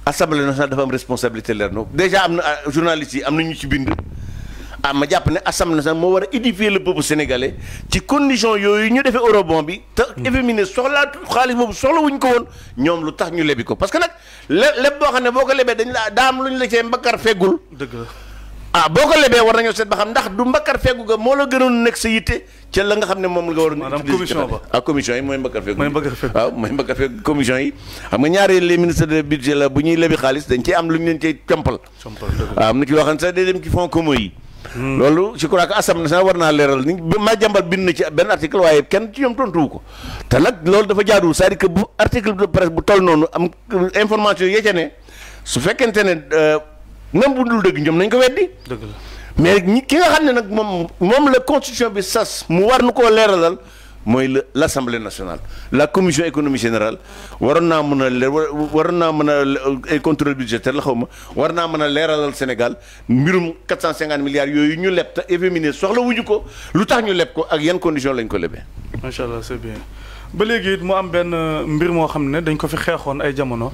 assemblée nationale dafa am responsabilité leer na déjà am na journalistes yi am na ñu ci bind. ah ma jàpp ne assemblée nationale moo war a édifier le peuple sénégalais ci condition yooyu ñu defee eurobond bi. te hmm. FMI soxlaatu xaalis boobu soxla wuñ ko woon ñoom lu tax ñu lebi ko parce que nag le leb boo xam ne boo ko lebee dañ la daam lu ñu la cee mbakkar feggul. dëgg la ah boo ko xam ndax moo la gënoon nekk sa yitte ca la nga xam commission ba ah commission yi mooy mbakkar feggu. waaw mooy mbakkar feggu commission yi. xam nga ñaari les ministres de la bu ñuy lebi xaalis dañ ciy am lu ñu leen cay compal. compal waaw ah, am na loo xam ne sax day dem ci fonds yi Hmm. loolu je crois que assemblée nationale war naa leeral ni ma jàmbal bind na ci benn article waaye kenn ci ñoom tontuwu ko te nag loolu dafa jaaduwul cest à bu article de presse bu toll noonu am information yi ca ne su fekkente ne euh, même bu dul dëgg ñoom nañ ko weddi. dëgg la mais ki nga xam ne nag moom moom la constitution bi sas mu war nu koo leeralal. mooy la l' assemblée la commission économie générale waroon naa mën a leer waroon naa mën a ay contrôle budgétaire la xaw ma war naa mën a leeralal Sénégal mbirum 450 milliards yooyu ñu leb te FMI soxla wuñu ko lu tax ñu leb ko ak yan condition lañ ko lebee. macha allah c'est bien ba léegi it mu am benn mbir moo xam ne dañ ko fi xeexoon ay jamono.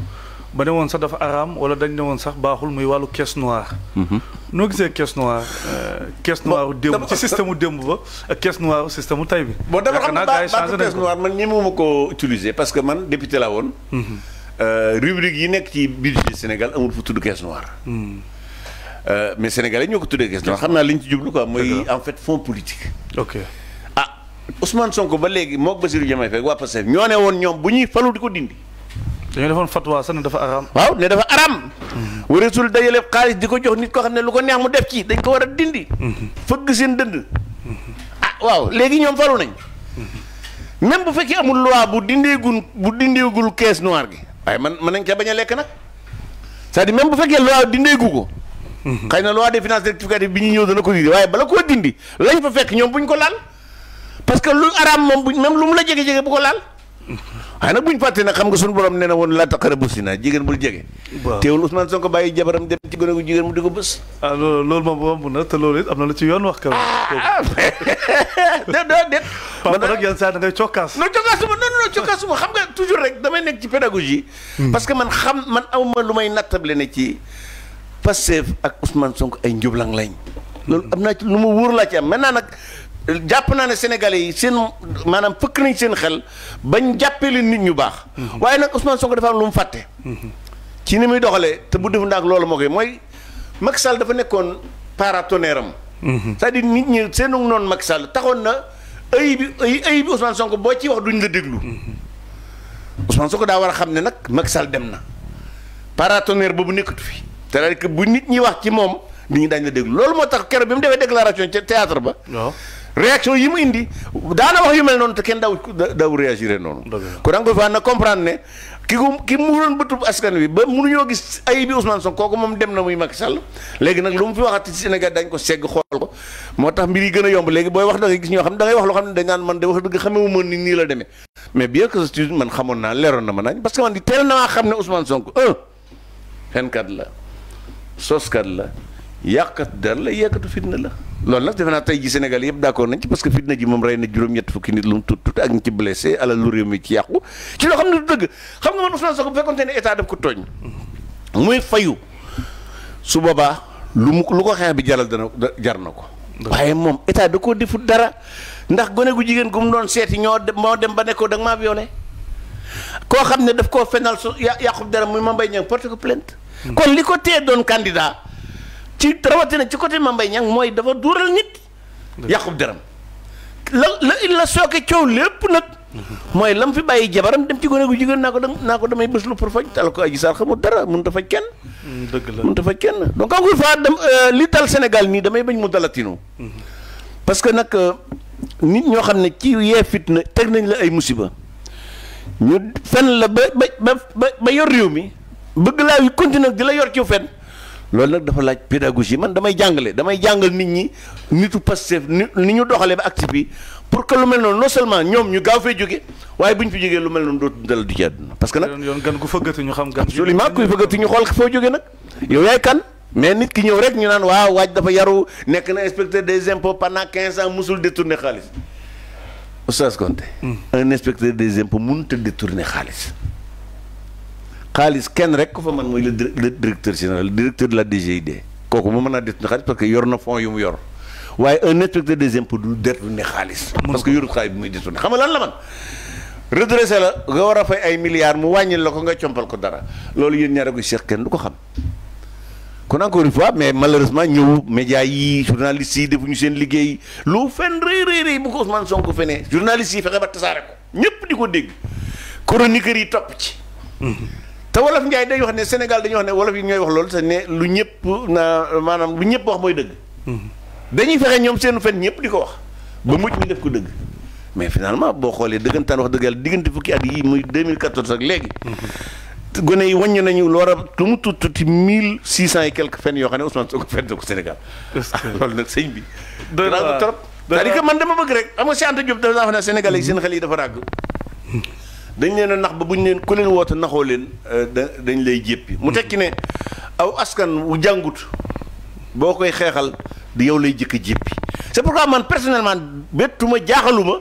ba ne woon sax dafa araam wala dañ ne woon sax baaxul muy wàllu caisse noire. Mhm. noo gisee caisse noire. Euh, caisse noire démb ci système mu démb ba ak caisse noire système mu tey bi. bon dafa xam ne baaxul caisse noire man ñemewuma ko utiliser parce que man député laa woon. Mhm. Euh, rubrique yi nekk ci budget Sénégal amul fu tudd caisse noire. Mhm. Euh, mais sénégalais ñoo ko tuddee caisse noire xam naa li ñu ci jublu quoi mooy en fait fonds politique. ok ah Ousmane Sonko ba léegi moog Bassirou Diomaye Faye waa Pastef ñoo ne woon ñoom bu ñuy falu di ko dindi. dañoo defoon fatwa sax ne dafa araam. waaw ne dafa araam. Mhm. waratul dajale xaalis di ko jox nit ko xam ne lu ko neex mu def ci dañ ko war a dindi. Mhm. fëgg seen dënd. Mhm. ah waaw léegi ñoom faru nañ. même bu fekkee amul loi bu dindeegul bu dindeegul caisse noire gi waaye man mën nañ ca bañ a lekk nag c'est-à-dire bu fekkee loi dindeegu ko. xëy na loi des finances rectificative bi ñu ñëw dana ko dindi waaye bala koo dindi lañ fa fekk ñoom buñ ko laal parce que lu araam moom buñ même lu mu la jege jege bu ko laal. waaye nag bu ñu fàtte nag xam nga suñu borom nee na woon laa taqrabu zina jigéen bul jege. waaw teewul Ousmane Sonko bàyyi jabaram dem ci gone gu jigéen mu di ko bës. Ah, loolu loolu moom romb na te loolu it am na lu ci yoon wax. kër ah déet déet déet. papa nag da ngay cokkaas. non cokkaasuma non non xam nga toujours damay nekk ci pédagogie. Hmm. parce que man xam man amuma lu may nattable ne ci Pastef ak Ousmane Sonko ay njublang lañ. loolu am naa ci lu ma wóor laa ci am maintenant nag jàpp naa ne sénégalais yi seen maanaam fëkk nañ seen xel bañ jàppee leen nit ñu baax. Mhm. waaye nag Ousmane Sonko dafa am lu mu fàtte. Mhm. ci ni muy doxalee te bu def ndax loolu moo mooy Macky Sall dafa nekkoon paratonnerre am. Mhm. cest nit ñi seenu noonu Macky Sall taxoon na ay bi ay boo ciy wax duñ la déglu. Ousmane Sonko daa war a xam ne nag Macky Sall dem na paratonnerre boobu nekkatu fi cest à bu nit ñi wax ci moom nit ñi daañu la déglu loolu moo tax keroog bi mu defee déclaration ca théâtre ba. réaction yi mu indi daana wax yu mel noonu te kenn daaw daaw réagiré noonu kon encore une fois na comprendre ne ki ku ki mu doon askan wi ba ñoo gis ay bi Ousmane kooku moom dem na muy Macky Sall léegi nag lu mu fi wax waxati ci Sénégal dañ ko segg xool ko moo tax mbir yi gën a yomb léegi booy wax da ngay gis ñoo xam ne da wax loo xam ne dañ naan man de wax dëgg xamewu ma ni nii la demee mais bien que ce man xamoon naa leeroon na ma nañ parce que man di teel la soskat la yakat dal la yakat fitna la lol nak defena tay tey ji Sénégal yëpp d'accord nañ ci parce que fitna ji mom rey na juróom-ñett fukki nit lu tut tut ak ñu ci blessé ala lu rew mi ci yakku ci lo xamne du xam nga man Ousmane état daf ko togn muy fayu su baba lu mu lu ko xex bi jaral dana jar nako ko waaye état da ko defut dara ndax goné gu jigen gum mu doon seeti ñoo moo dem ba nekkoo dag ma maa violé ko xamne daf ko fenal yakku dara muy ma mbay porte ko plainte mm. kon liko té candidat ci rawatina ci côté Mame Mbaye Niang mooy dafa duural nit. yàqub deram la la il la sooke coow lépp nag. mooy lam fi bàyyi jabaram dem ci gone gu jigéen naa ko naa ko damay bés lu pour faj tal ko Adji Sarr xamul dara mënut a faj kenn. Mm, dëgg a faj kenn donc encore une fois dem euh, li dal Sénégal nii damay bañ mu dalatinu parce que nag euh, nit ñoo xam ne ci yee fitna teg nañ la ay musiba ñu fen la ba ba ba ba yor réew mi bëgg laa yu continuer di la yor ci fen. loolu nag dafa laaj pédagogie man damay jàngale damay jàngal nit ñi nitu Pastef ni ñu doxalee ba actif bi pour que lu mel noonu non seulement ñoom ñu gaaw fee jóge waaye bu ñu fi jógee lu mel noonu dootul dal du ci àdduna parce que nag yoon gan ku ñu xam gan absolument kuy fëggati ñu xool foo jógee nag yow yaay kan mais nit ki ñëw rek ñu naan waaw waaj dafa yaru nekk na inspecteur des impôts pendant quinze ans musul détourné xaalis Oustaz Konté hmm. un inspecteur des impôts mënut a détourné xaalis xaalis kenn rek ko fa man muy le directeur général directeur de la DGID kooku mu mën a détourner xaalis parce que yor na fonds yu mu yor waaye un inspecteur des impôts du détourner xaalis. parce que yorut xaalis bi muy détourner xam nga la man. redressé la nga war a fay ay milliards mu wàññil la ko nga compal ko dara loolu yéen ñaare ko Cheikh kenn du ko xam kon encore une fois mais malheureusement ñëw médias yi journalistes yi ñu seen liggéey lu fen rëy rëy rëy bu ko Ousmane Sonko fenee journalistes yi fexe ba tasaare ko ñëpp di ko dégg chroniqueurs yi topp ci. Mm-hmm. te wolof Njaay dañuy wax ne Sénégal dañuy wax ne wolof yi ñooy wax loolu te ne lu ñëpp na maanaam lu ñëpp wax mooy dëgg. dañuy fexe ñoom seenu fen ñëpp di ko wax ba mujj ñu def ko dëgg. mais finalement boo xoolee dëggantaan wax dëgg yàlla diggante fukki at yi muy 2014 ak léegi. gone yi wàññi nañu loora lu mu tuuti tuuti mille six cent et quelques fen yoo xam ne Ousmane Sonko fen ko Sénégal. loolu nag sëñ bi. doy naa trop c'est-à-dire que man dama dañ leen a nax ba bu ñu leen ku leen woote naxoo leen euh, dañ lay jéppi mu tekki ne aw askan wu jàngut boo koy xeexal di yow lay jëkk jéppi c'est pourquoi man personnellement bettuma jaaxaluma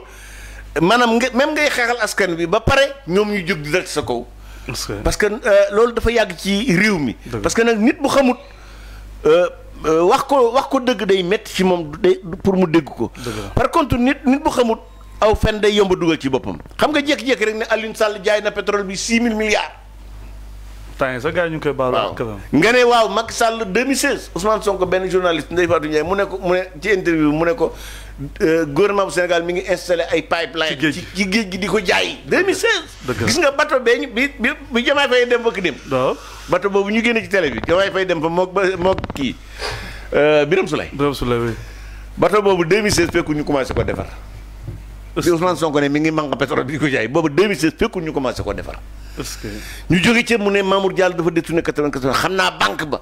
maanaam nga même ngay xeexal askan bi ba pare ñoom ñu jóg di dal sa kaw parce que euh, loolu dafa yàgg ci réew mi parce que nag nit bu xamut euh, wax ko wax ko dëgg day metti ci moom pour mu dégg ko par contre nit nit bu xamut aw fen day yomb dugal ci boppam xam nga jékki-jékki rek ne Alioune Sall jaay na pétrole bi 6000 milliards. temps yii sax gars yi ñu koy baalu ak nga ne waaw Macky Sall 2016 Ousmane Sonko benn journaliste Ndeye Fatou Ndiaye mu ne ko mu ne ci interview mu ne ko euh, gouvernement bu Sénégal mi ngi installé ay pipeline ci ci géej gi di ko jaay. 2016. gis nga bato bee bi bi bi Diomaye Faye dem fa ki dem. waaw bato boobu ñu génne ci télé bi Diomaye Faye dem fa moog ba moog kii euh, Birame Souleye. Birame Souleye oui. bato boobu 2016 ñu commencé ko defar. bi Ousmane Sonko ne mi ngi manque pétrole bi di ko jaay boobu 2016 fekku ñu commencé koo defar ñu jóge ci mu ne Mamour Diallo dafa détourné 94 xamna naa banque ba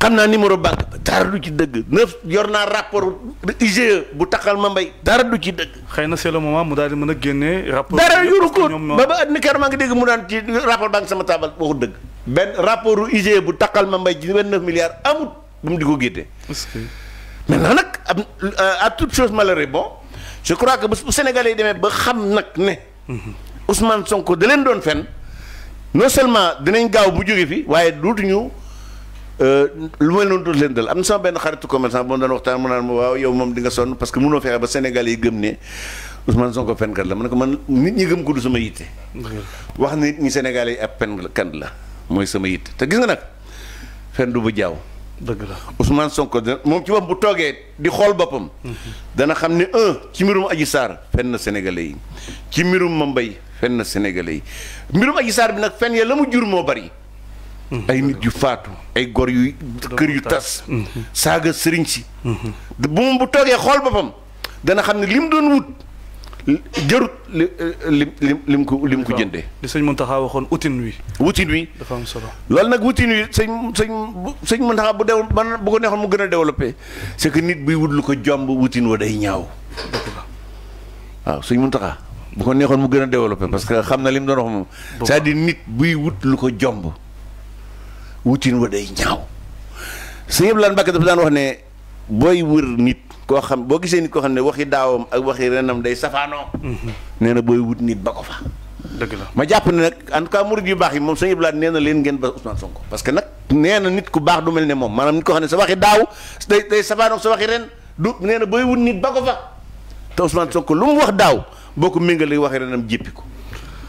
xam naa numéro banque ba dara du ci deug neuf yorna naa rapport IGE e bu takal ma mbay dara du ci deug xeyna c'est le moment mu dal di mën a rapport dara yoru ko ba ba ad ni kër ma nga dégg mu naan ci rapport banque sama taabal waxu deug ben rapport IGE bu takal ma mbay ci milliards amut bu mu diko di parce que mais nak euh, à toute chose malheur est bon je crois que bés bu Sénégalais yi demee ba xam nag ne. Ousmane sonk da leen doon fen non seulement dinañ gaaw bu jóge fi waaye dootuñu euh, lu mel noonu dootu leen dal am na sama benn xaritu commerçant bu ma doon waxtaan mu naan ma waaw yow moom di nga sonn parce que mënoo fexe ba Sénégalais yi gëm ne Ousmane Sonko fenkat la ma na ko man nit ñi gëm ko du sama yitte. wax nit ñi Sénégalais yi ab fenkat la mooy sama yitte te gis nga nag fen du bu jaaw. dëgg la Ousmane Sonko dana moom ci boppam bu toogee di xool boppam. dana xam ne un ci mbirum Adji Sarr fenn Sénégalais yi ci mbirum ma Mbaye fenn Sénégalais yi mbirum Adji bi nag fenn ya la mu jur moo bari. ay nit yu faatu ay gor yu kër yu tas. saaga sëriñ si. bu moom bu toogee xool boppam dana xam ne li doon wut. jërut li eh, lim lim ko mu ko jëndee. li sëñ Mountakha waxoon wutin wi. wutin wi dafa am solo. loolu nag wutin wi sëñ sëñ sëñ Mountakha bu dew man bu ko neexoon mu gën a développé c'est que nit wut lu ko jomb wutin wa day ñaaw. waaw sëñ Mountakha bu ko neexoon mu gën a développé parce que xam na li mu doon wax moom. cest à nit buy wut lu ko jomb wutin wa day ñaaw. sëñ Abdoulaye Mbacke dafa daan wax ne. booy wër nit koo xam boo gisee nit koo xam ne waxi daawam ak waxi renam day safaanoo mhm. nee na booy wut nit ba ko fa dëgg ma jàpp ne nag en tout cas murid baax yi moom sëñ Ibrahima nee na leen ngeen ba Ousmane Sonko parce que nag nee na nit ku baax du mel ne moom maanaam nit koo xam ne sa waxi daaw day day safaanoo sa waxi ren du nee na booy wut nit ba ko fa te Ousmane Sonko lu mu wax daaw boo ko méngalee waxi renam jéppi ko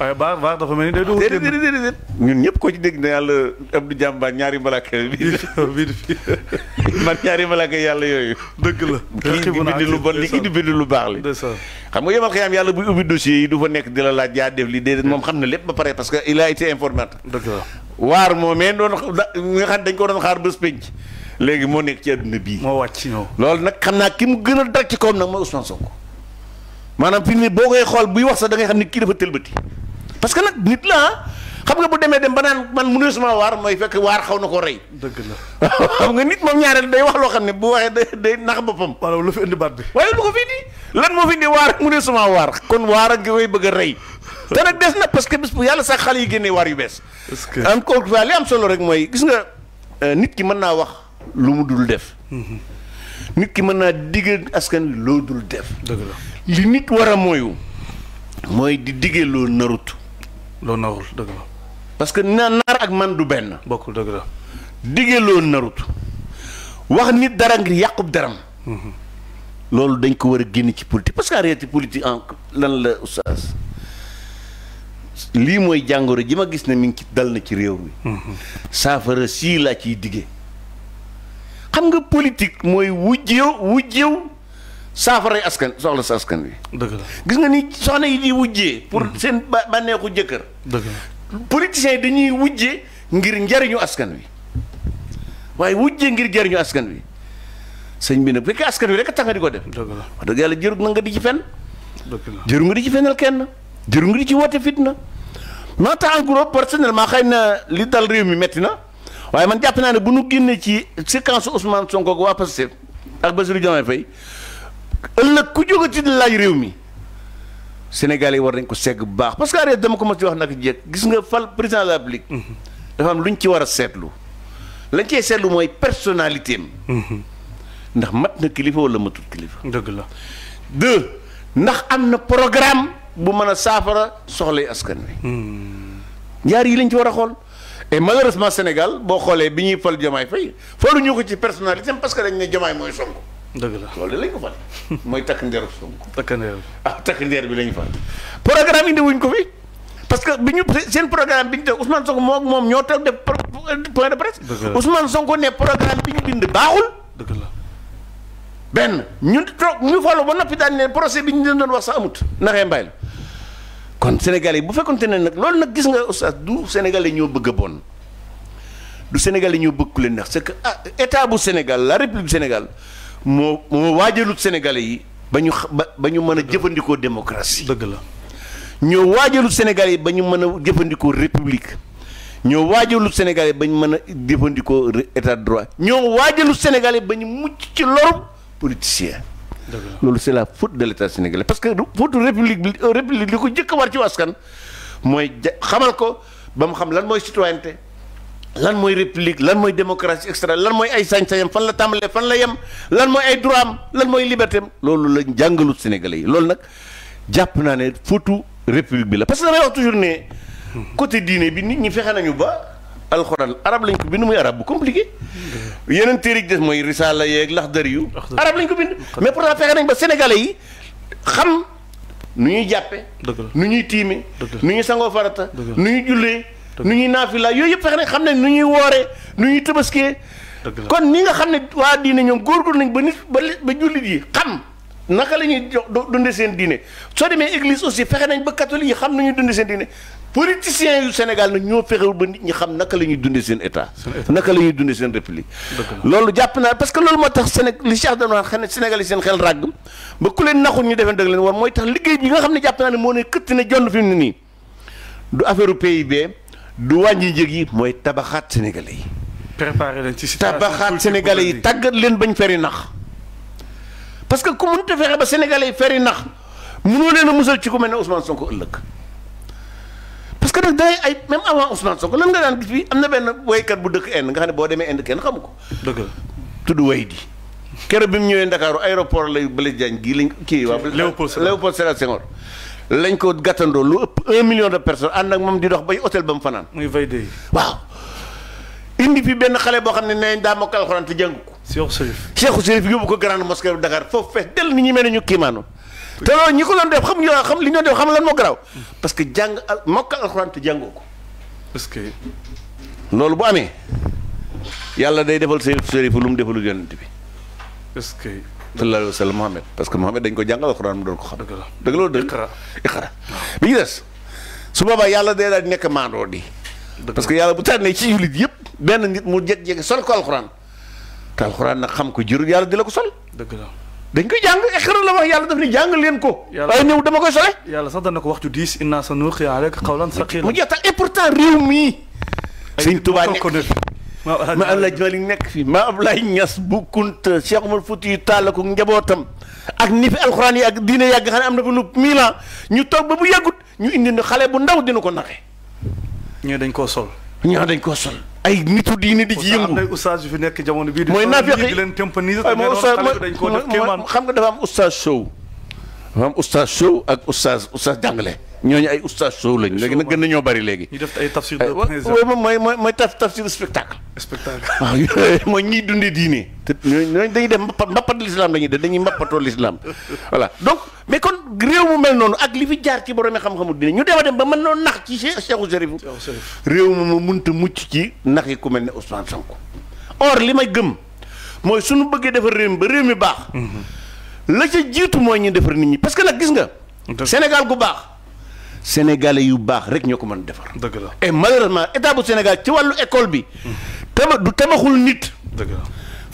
waaye baar baar dafa mel déedéet déedéet ñun ñëpp ko ci dégg na yàlla Abdou Jàmbaar ñaari malaaka bii bii di fi yàlla yooyu. dëgg la kii di bind lu bon li kii di bind lu baax li. xam nga yemal xiyaam yàlla buy ubbi dossier yi du fa nekk di la laaj yaa def li déedéet moom xam na lépp ba pare parce que il a été informé. dëgg la waar moomee doon nga xam dañ ko doon xaar bés penc. léegi moo nekk ci àdduna bii. moo wàcc ñëw. loolu nag xam naa ki mu gën a dara ci kawam nag mooy Ousmane Sonko maanaam fi mu boo koy xool buy wax sax da ngay xam ne kii dafa tëlbati parce que nak nit la xam nga bu démé dem banan naan man mënul sama war moy fekk war xawna ko reuy deug la xam nga nit mom ñaaral day wax lo xam bu day nax bopam wala lu fi indi bat bi. waye lu ko fi indi lan mo fi indi waar mënul war kon war ak yooyu bëgg reuy té nak dess des na parce que bis bu yalla sax xali yi war yu am ko li am solo rek moy gis nga euh, nit ki mëna wax lu mu dul def. Mm-hmm. nit ki mëna naa askan lo dul def. deug la li nit wara moyu moy di lo narutu loo narul parce que na ak man du benn. bokkul dëgg la. diggee loo narut wax nit dara ngir yàqub daram. Mhm. loolu dañ ko war a génn ci politique parce que en réalité lan la oustaz lii mooy jàngoro ji ma gis ne mi ngi ci dal na ci réew mi. Mhm. saafara sii laa ciy diggee. xam nga politique mooy wujjew wujjew saafaray askan soxla sa askan wi. dëgg la gis nga ni soxna yi di wujjee. pour mm-hmm. seen ba bànneexu jëkkër. dëgg yi dañuy wujje ngir njariñu askan wi waaye wujjee ngir njariñu askan wi sëñ bi nag bu askan wi rek a di ko def. dëgg la wax yàlla jërul na nga di ci fenn. dëgg la jëru nga di ci fenal kenn jëru nga di ci woote fitna. non te en gros personnellement xëy na li dal réew mi metti na waaye man jàpp naa ne bu nu génnee ci séquence Ousmane Sonko ak waa Pastef ak Bassirou ëllëg ku jógati laaj réew mi Sénégal war nañ ko segg bu baax parce que arrêté dama ko ma di wax nag jekk gis nga fal président de la République mm-hmm. dafa am lu ñu ci war a seetlu lañ cee seetlu mooy personnalité am mm-hmm. ndax mat na kilifa wala matul kilifa. dëgg la ndax am na programme bu mën a saafara soxlay askan wi. Mm-hmm. ñaar yi lañ ci war a xool. et malheureusement Sénégal boo xoolee bi ñuy fal Diomaye Faye faluñu ko ci personnalité parce que ne Diomaye mooy Sonko. dëgg la loolu lañ ko fal mooy takk ndeeru Sonko takk ndeer ah tak ndeer bi lañ fal programme indi parce que bi ñu seen programme bi ñu def Ousmane Sonko moom moom ñoo toog def point de ne programme bi ñu bind baaxul dëgg la benn ñun toog ñu falu ba noppi daan ne procès bi ñu leen doon kon sénégalais yi bu fekkonte ne nag loolu nag gis nga oustaz du sénégalais ñoo bëgg bon du sénégalais ñoo bëgg ku leen ndax c'est que ah, état bu Sénégal la république Sénégal moo moo waajalut sénégalais yi ba ñu ba ñu mën a jëfandikoo démocratie. dëgg la ñoo waajalu sénégalais yi ba ñu mën a jëfandikoo république ñoo waajalu sénégalais yi ba ñu mën a jëfandikoo état droit ñoo waajalut sénégalais ba ñu mucc ci loru politicien. loolu c'est la faute de l'état sénégalais parce que faute république bi euh, république li ko jëkk war ci askan mooy xamal ko ba mu xam lan mooy citoyenneté. lan mooy république lan mooy démocratie extra lan mooy ay sañ-sañam fan la tàmbalee fan la yem lan mooy ay droit am lan mooy liberté loolu lañ jàngalut Sénégalais yi loolu nag jàpp naa ne footu république bi la parce que damay wax toujours ne côté diine bi nit ñi fexe nañu ba alxuraan arab lañ ko bind muy arab bu compliqué yeneen téere des mooy risaala yeeg laxdar yu arab lañ ko bind mais pourtant fexe nañ ba sénégalais yi xam nu ñuy jàppe nu ñuy tiime nu ñuy sangoo farata nu ñuy nu ñuy naafila yooyu yëpp fexe nañ xam ne nu ñuy wooree nu ñuy tabaskee kon ñi nga xam ne waa diine ñoom góorgóorlu nañ ba nit ba ba jullit yi xam naka la ñuy jox dundee seen diine soo demee église aussi fexe nañ ba catholique yi xam nañu dundee seen diine politiciens yu Sénégal nag ñoo fexewul ba nit ñi xam naka la ñuy dundee seen état naka la ñuy dundee seen république loolu jàpp naa parce que loolu moo tax Séné li ne Sénégal yi seen xel ràgg ba ku leen naxul ñu defee dëgg leen mooy tax liggéey nga xam ne jàpp naa ne ne këtt ne jonn fi nii du affaire u PIB du wàññi njëg yi mooy tabaxaat sénégalais yi. préparer ci situation tabaxaat sénégalais yi tàggat leen bañ feri nax parce que ku mënut a fexe ba sénégalais yi feri nax mënoo leen a musal ci ku mel ne Ousmane Sonko ëllëg parce que nag day ay même avant Ousmane Sonko lan nga daan gis fii am na benn woykat bu dëkk Inde nga xam ne boo demee Inde kenn xamu ko. dëgg la tudd way di keroog bi mu ñëwee Ndakaaru aéroport lay Blaise Diagne gii lañ kii. waa Léopold Sédar Senghor lañ ko gàttandoo lu ëpp un million de personnes ànd ak moom di dox bay hôtel ba mu fanaan. muy Vaidé. waaw indi fi benn xale boo xam ne nee daa mokkal alxuraan te jàng ko. Cheikh Chérif. yóbbu ko grande mosquée bu Dakar foofu fees del ni ñu mel ne ñu kiimaanoo. te loolu ñi ko xam ñu xam li ñu doon def xam lan moo garaaw. parce que jàng al mokkal alxuraan te parce que. loolu bu amee yàlla day defal Cheikh Chérif lu mu defalul yonent bi. est sallallahu alayhi wa sallam Mohamed parce que Mohamed dañ ko jàngal alxuraan mu doon ko xam. dëgg la dëgg loolu dëgg. iqra iqra bi ñu des su boobaa yàlla day daal nekk maandoo di. parce que yàlla bu tànnee ci jullit yëpp benn nit mu jékki-jékki sol ko alxuraan te alxuraan nag xam ko jurul yàlla di la ko sol. dëgg la dañ koy jàng iqra la wax yàlla daf ni jàng leen ko. yàlla waaye néew dama koy sole. yàlla sax dana ko wax ju diis innaa sanulqii alayka qawlan saqiila mu jeex et pourtant réew mii. sëñ Tuubaa nekk ma Ablaye Malick nekk fii ma Ablaye Niass bu Kunta Cheikh Omar Fouti yu taal ko njabootam ak ni fi alxuraan yi ak diine yàgg xam am na ba nu mille ñu toog ba bu yàggut ñu indi na xale bu ndaw dina ko naxe ñoo dañ koo sol ñoo dañ koo sol ay nitu diine di ci yëngu oustaz yu fi nekk jamono bii mooy naafeq yi mooy xam nga dafa am oustaz show dafa am oustaz show ak oustaz oustaz jàngale ay oustaz show lañ léegi nag gën nañoo bari léegi. ñu def ay tafsir de moom mooy mooy mooy taf tafsir spectacle. spectacle waaw mooy ñiy dundee diine. te ñooñu dañuy def mbappat mbappat l'islam dañuy def dañuy mbappatoo l'islam voilà donc mais kon réew mu mel noonu ak li fi jaar ci borom xam-xamu diine ñu dem dem ba mën noonu nax ci Cheikhou Chérif. réew mi ma mënta mucc ci nax yi ku mel ne Ousmane Sonko. or li may gëm mooy suñu bëggee defar réew mi ba réew mi baax mm-hmm. la ca jiitu mooy ñu defar nit ñi parce que nag gis nga. Sénégal gu baax. Sénégalais yu baax rek ñoo ko mën defar. dëgg la et malheureusement état Sénégal ci wàllu école bi. tama du tabaxul nit. dëgg la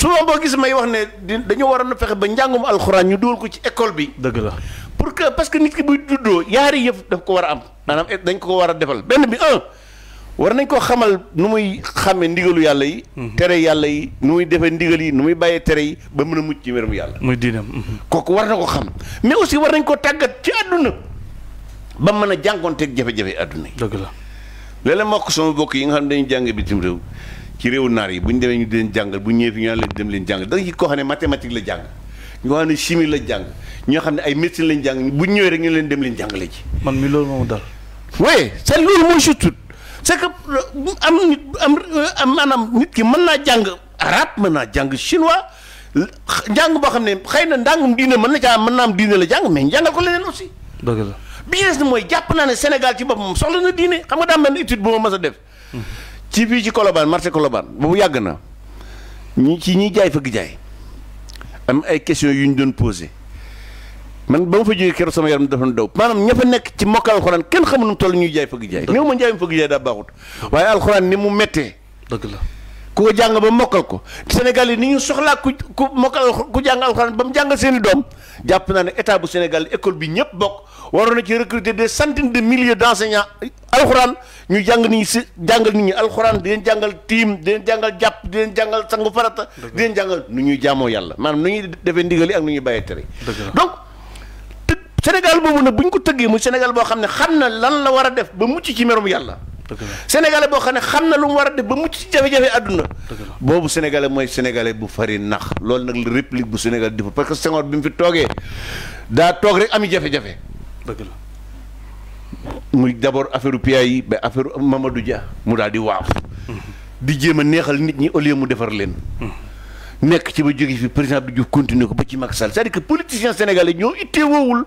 souvent boo gis may wax ne dañoo waroon a fexe ba njàngum alxuraan ñu dugal ko ci école bi. dëgg la pour que parce que nit ki buy juddoo yaari yëf daf ko war a am. maanaam eh, dañ ko ko war a defal benn bi un. war nañ ko xamal nu muy xàmmee ndigalu yàlla yi. Mhm. tere yàlla yi nu muy defee ndigal yi nu muy bàyyee tere yi ba mën a mucc ci mbirum yàlla. muy diinam. Mhm. kooku war na ko xam mais aussi war nañ ko tàggat ci àdduna ba mën a jànkoonteeg jafe-jafe àdduna yi. dëgg la léeg-léeg mbokk sama bokk yi nga xam ne dañuy jàng bitim réew ci réewu naar yi bu ñu demee di leen jàngal bu ñëwee fi ñu naan dem leen jàngal da nga ci koo xam ne mathématique la jàng. ñoo la jàng ñoo xam ne ay médecine lañ jàng bu ñëwee rek ñu leen dem leen jàngale ji. man mi loolu moom dal. oui c'est loolu mooy surtout c'est que am nit euh, am maanaam nit ki mën naa jàng arabe mën naa jàng chinois njàng boo xam ne xëy na njàngum diine mën na caa mën naa am diine la jàng mais njàngal ko leneen aussi. dëgg bi des na mooy jàpp naa ne Sénégal ci boppam soxla na diine xam nga daa mel ni étude bu ma mës a def. ci fii ci Colobane marché Colobane boobu yàgg na ñi ci ñiy jaay fëgg jaay am ay question yu ñu doon posé man ba ma fa jógee keroog sama yaram dafa daw maanaam ña fa nekk ci mokkal alxuraan kenn xamul nu toll ñuy jaay fëgg jaay néew mu méttee dëgg la ku ko jàng ba mokkal ko Sénégal yi ni ñu soxlaa ku ku mokkal ku jàng alxuraan ba mu jàngal seen i doom jàpp naa ne état bu Sénégal école bi ñëpp bokk waroon na ci recruter de milliers d'enseignants alxuraan ñu jàng nit ñi si jàngal nit ñi alxuraan di leen jàngal tiim di leen jàngal jàpp di leen jàngal sangu farata di leen jàngal nu ñuy jaamoo yàlla maanaam nu ñuy defee ndigal yi ak nu ñuy bàyyee tere donc Sénégal boobu nag bu ñu ko tëggee muy Sénégal boo xam ne xam na lan la war a def ba mucc ci merum yàlla. sénégalais boo xam ne xam na lu mu war a def ba mucc ci jafe-jafe àdduna boobu sénégalais mooy sénégalais bu fari nax loolu nag la réplique bu sénégal di parce que Senghor bi mu fi toogee daa toog rek ami jafe-jafe dëgg la muy d'abord affaire pia yi ba affaire Mamadou Dia mu daal di waaw mm-hmm. di jéem a neexal nit ñi au lieu mu defar leen mm-hmm. nekk ci ba jóge fi président Abdou Diouf continuer ko ba ci Macky Sall c'est-à-dire que politiciens ñoo ittee woowul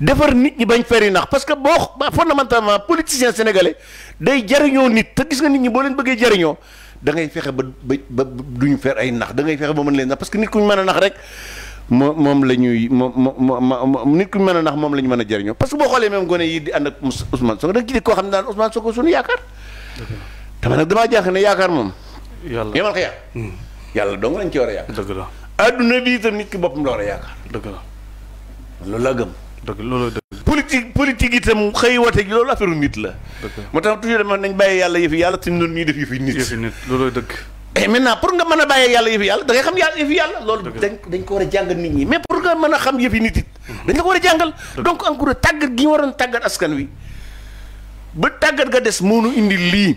defar nit ñi bañ feri nax parce que boo fondamentalement politicien sénégalais day jariñoo nit te gis nga nit ñi boo leen bëggee jariñoo da fexe ba ba duñu fer ay nax da ngay fexe ba mën leen nax parce que nit ku ñu mën a nax rek moom moom la ñuy moom moom nit ku mën a nax moom la ñu mën a jariñoo parce que boo xoolee même gone yi di ànd ak Ousmane Sonko da nga ci suñu yaakaar dama nag damaa jaaxle ne yàlla dong lañ ci war a nit ki boppam la a loolu laa gëm. dëgg loolu dëgg. politique politique itam xëy wate gi loolu affaire nit la. dëgg moo tax toujours dama nañ bàyyi yàlla yëfi yàlla tamit noonu ñuy def yëfi nit. yëfi nit looloo dëgg. et eh, maintenant pour nga mën a bàyyi yàlla yëfi yàlla da ngay dañ ko war a jàngal nit ñi mais pour nga mën a xam mhm. a jàngal. donc encore tàggat gi ñu waroon tàggat askan wi ba tàggat ga des moo nu indi lii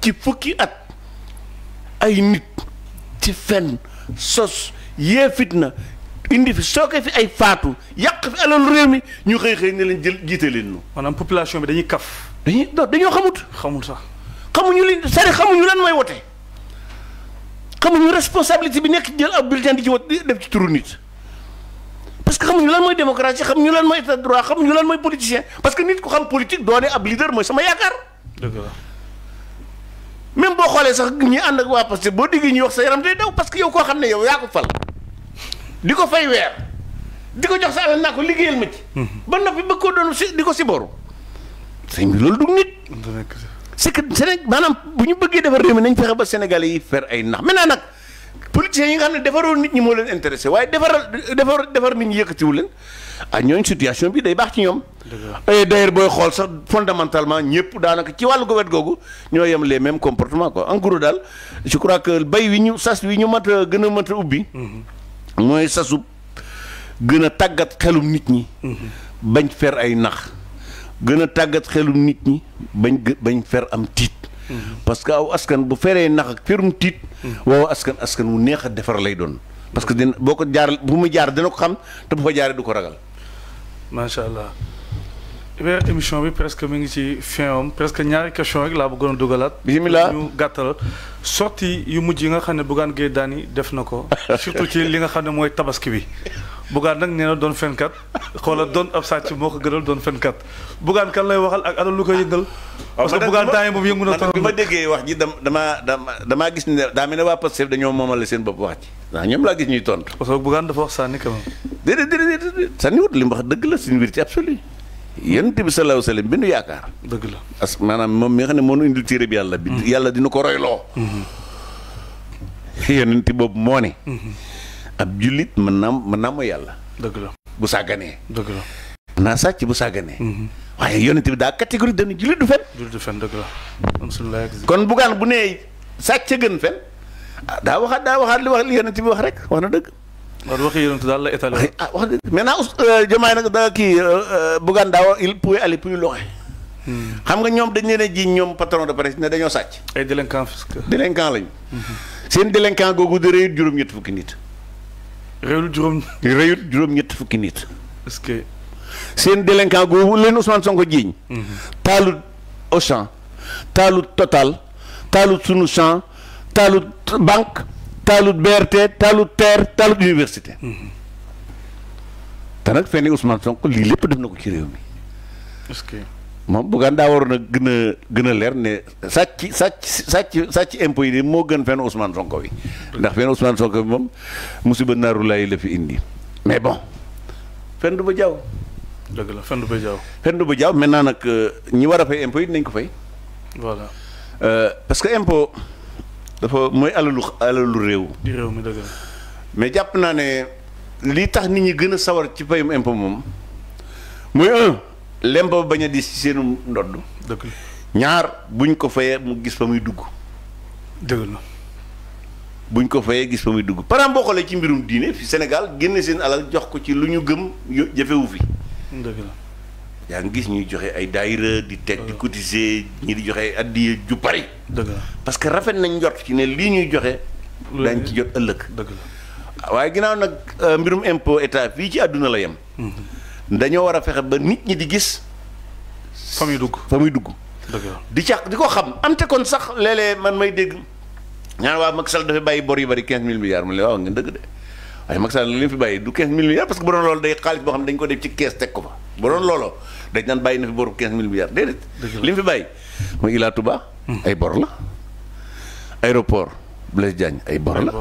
ci fukki at ay nit ci fen sos yee fitna indi fi soo ko fi ay faatu yàq fi alalu réew mi ñu xëy xëy ne leen jël jiite leen ñu. maanaam population bi dañuy kaf. dañuy do dañoo xamut. xamul sax xamuñu li sari ñu lan mooy wote xamuñu responsabilité bi nekk jël ab bulletin di ci wote def ci turu nit. parce que xamuñu lan mooy démocratie xamuñu lan mooy état droit xamuñu lan mooy politicien parce que nit ku xam politique doone ab leader mooy sama yaakaar. dëgg la. même boo xoolee sax ñi ànd ak waa Pastef boo déggee ñuy wax sa yaram day daw parce que yow koo xam ne yow yaa ko fal di ko fay weer di ko jox sa alal naa ko liggéeyal ma ci. ba noppi bëgg koo doon si ko si boru. sëñ loolu du nit. c'est que maanaam bu ñu bëggee defar réew mi nañ fexe ba Sénégalais yi fer ay nax maintenant nag politiciens yi nga xam ne defaroo nit ñi moo leen intéressé waaye defaral defar defar nit ñi yëkkatiwu leen. ah ñooñu situation bi day baax ci ñoom. dëgg d'ailleurs booy xool sax fondamentalement ñëpp daanaka ci wàllu wet googu ñoo yem les mêmes comportements quoi en daal je crois que bay wi ñu sas wi ñu mat a gën a mat ubbi. Mm-hmm. mooy sasu gën a tàggat xelum nit ñi. Mm-hmm. bañ fer ay nax. gën a tàggat xelum nit ñi bañ bañ fer am tiit. Mm-hmm. parce que aw askan bu feree nax ak ferum tiit. waaw askan askan wu neex a defar lay doon. parce que dina boo ko jaar bu muy jaar dina ko xam te bu fa jaaree du ko ragal. macha allah. weer eh, émission bi presque mi ngi ci fin am presque ñaari question rek laa bëggoon a dugalaat. bisimilah ñu gàttal. sorti yu mujj yi nga xam ne Bougane Gueye Dany def na ko surtout ci li nga xam ne mooy tabaski bi Bougane nag nee na doon fenkat xoola doon ab sàcc moo ko gënal doon fenkat Bougane kan lay waxal ak alal lu ko yëngal. Ah, parce que Bougane temps yi moom yëngu na bi ma déggee wax ji dama dama damaa gis ne daa mel ne waa Pastef dañoo moomale seen bopp wax ci. waaw ñoom laa gis ñuy tontu. parce dëgg la suñu vérité absolue yonent bi sallallahu alayhi bi nu yaakaar. dëgg la as maanaam moom mi nga xam ne moo nu indil téere bi yàlla bi. Mm-hmm. yàlla dina ko royloo. Mm-hmm. yonent boobu moo ne. Mm-hmm. ab jullit mën naa mën naa mooy yàlla. dëgg la bu sàgganee. dëgg la naa sàcc bu sàgganee. waaye yonent bi daa catégorie dañu jullit du fen. jullit du fen kon bugaan bu nee sàcc gën fen ah, daa waxaat daa waxaat li wax li yonent bi wax rek wax na dëgg. loolu waxi yonent daal la étalé ah wax dëgg maintenant euh, Diomaye nag da kii euh, euh, Bougane daaw aller plus loin. Hmm. xam nga ñoom dañ leen a jiiñ ñoom patron de presse ne dañoo sàcc. ay délinquant fiscal lañu. Hmm. seen délinquant googu de réyut juróom-ñett fukki nit. réyut juróom. réyut juróom fukki nit. est que. seen délinquant googu leen Ousmane Sonko jiiñ. Hmm. taalut Auchan taalut Total taalut sunu champ taalut banque taalut BRT taalut TER taalut université. Mm-hmm. te nag fenn Ousmane Sonko lii lépp def na ko ci réew mi. que moom Bougane daa waroon a gën a gën a leer ne sàcc sàcc sàcc sàcc impôt yi moo gën fenn Ousmane Sonko bi ndax fenn Ousmane Sonko bi moom musiba naaru laay la fi indi mais bon fenn du ba jaww. dëgg la fenn du ba jaww. fenn du ba jaww maintenant nag euh, ñi war a fay impôt yi dinañ ko fay. voilà euh, parce dafa mooy alalu alalu réew. réew mi dëgg mais jàpp naa ne lii tax nit ñi gën a sawar ci payum impôt moom mooy un ba bañ a di ci seenu ndodd. dëgg ñaar buñ ko fayee mu gis fa muy dugg. dëgg la. buñ ko fayee gis fa muy dugg boo xoolee ci mbirum diine fi Sénégal génne seen alal jox ko ci lu ñu gëm jëfewu fi. la. yaa ngi gis ñuy joxe ay daayira di teg di cotiser ñi di joxe ay addiya ju bari parce que rafet nañ jot ci ne lii ñuy joxe dañ ci jot ëllëg waaye ginnaaw nag euh, mbirum impôt état fii ci àdduna la yem mhm. dañoo war a fexe ba nit ñi di gis sa muy dugg fa muy dugg di càq di ko xam am te kon sax léeg-léeg man may dégg ñaan waa Macky Sall dafay bàyyi bor yu bari quinze mille milliards mu ne ngeen dëgg de waaye Macky Sall fi bàyyi du quinze parce que bu doon loolu day xaalis boo ko def ci dañ nan bàyyi na fi boru 15 milliards dedet lim fi bay mo Ila Touba. Hmm. ay bor la. aéroport Blaise Diagne ay bor la.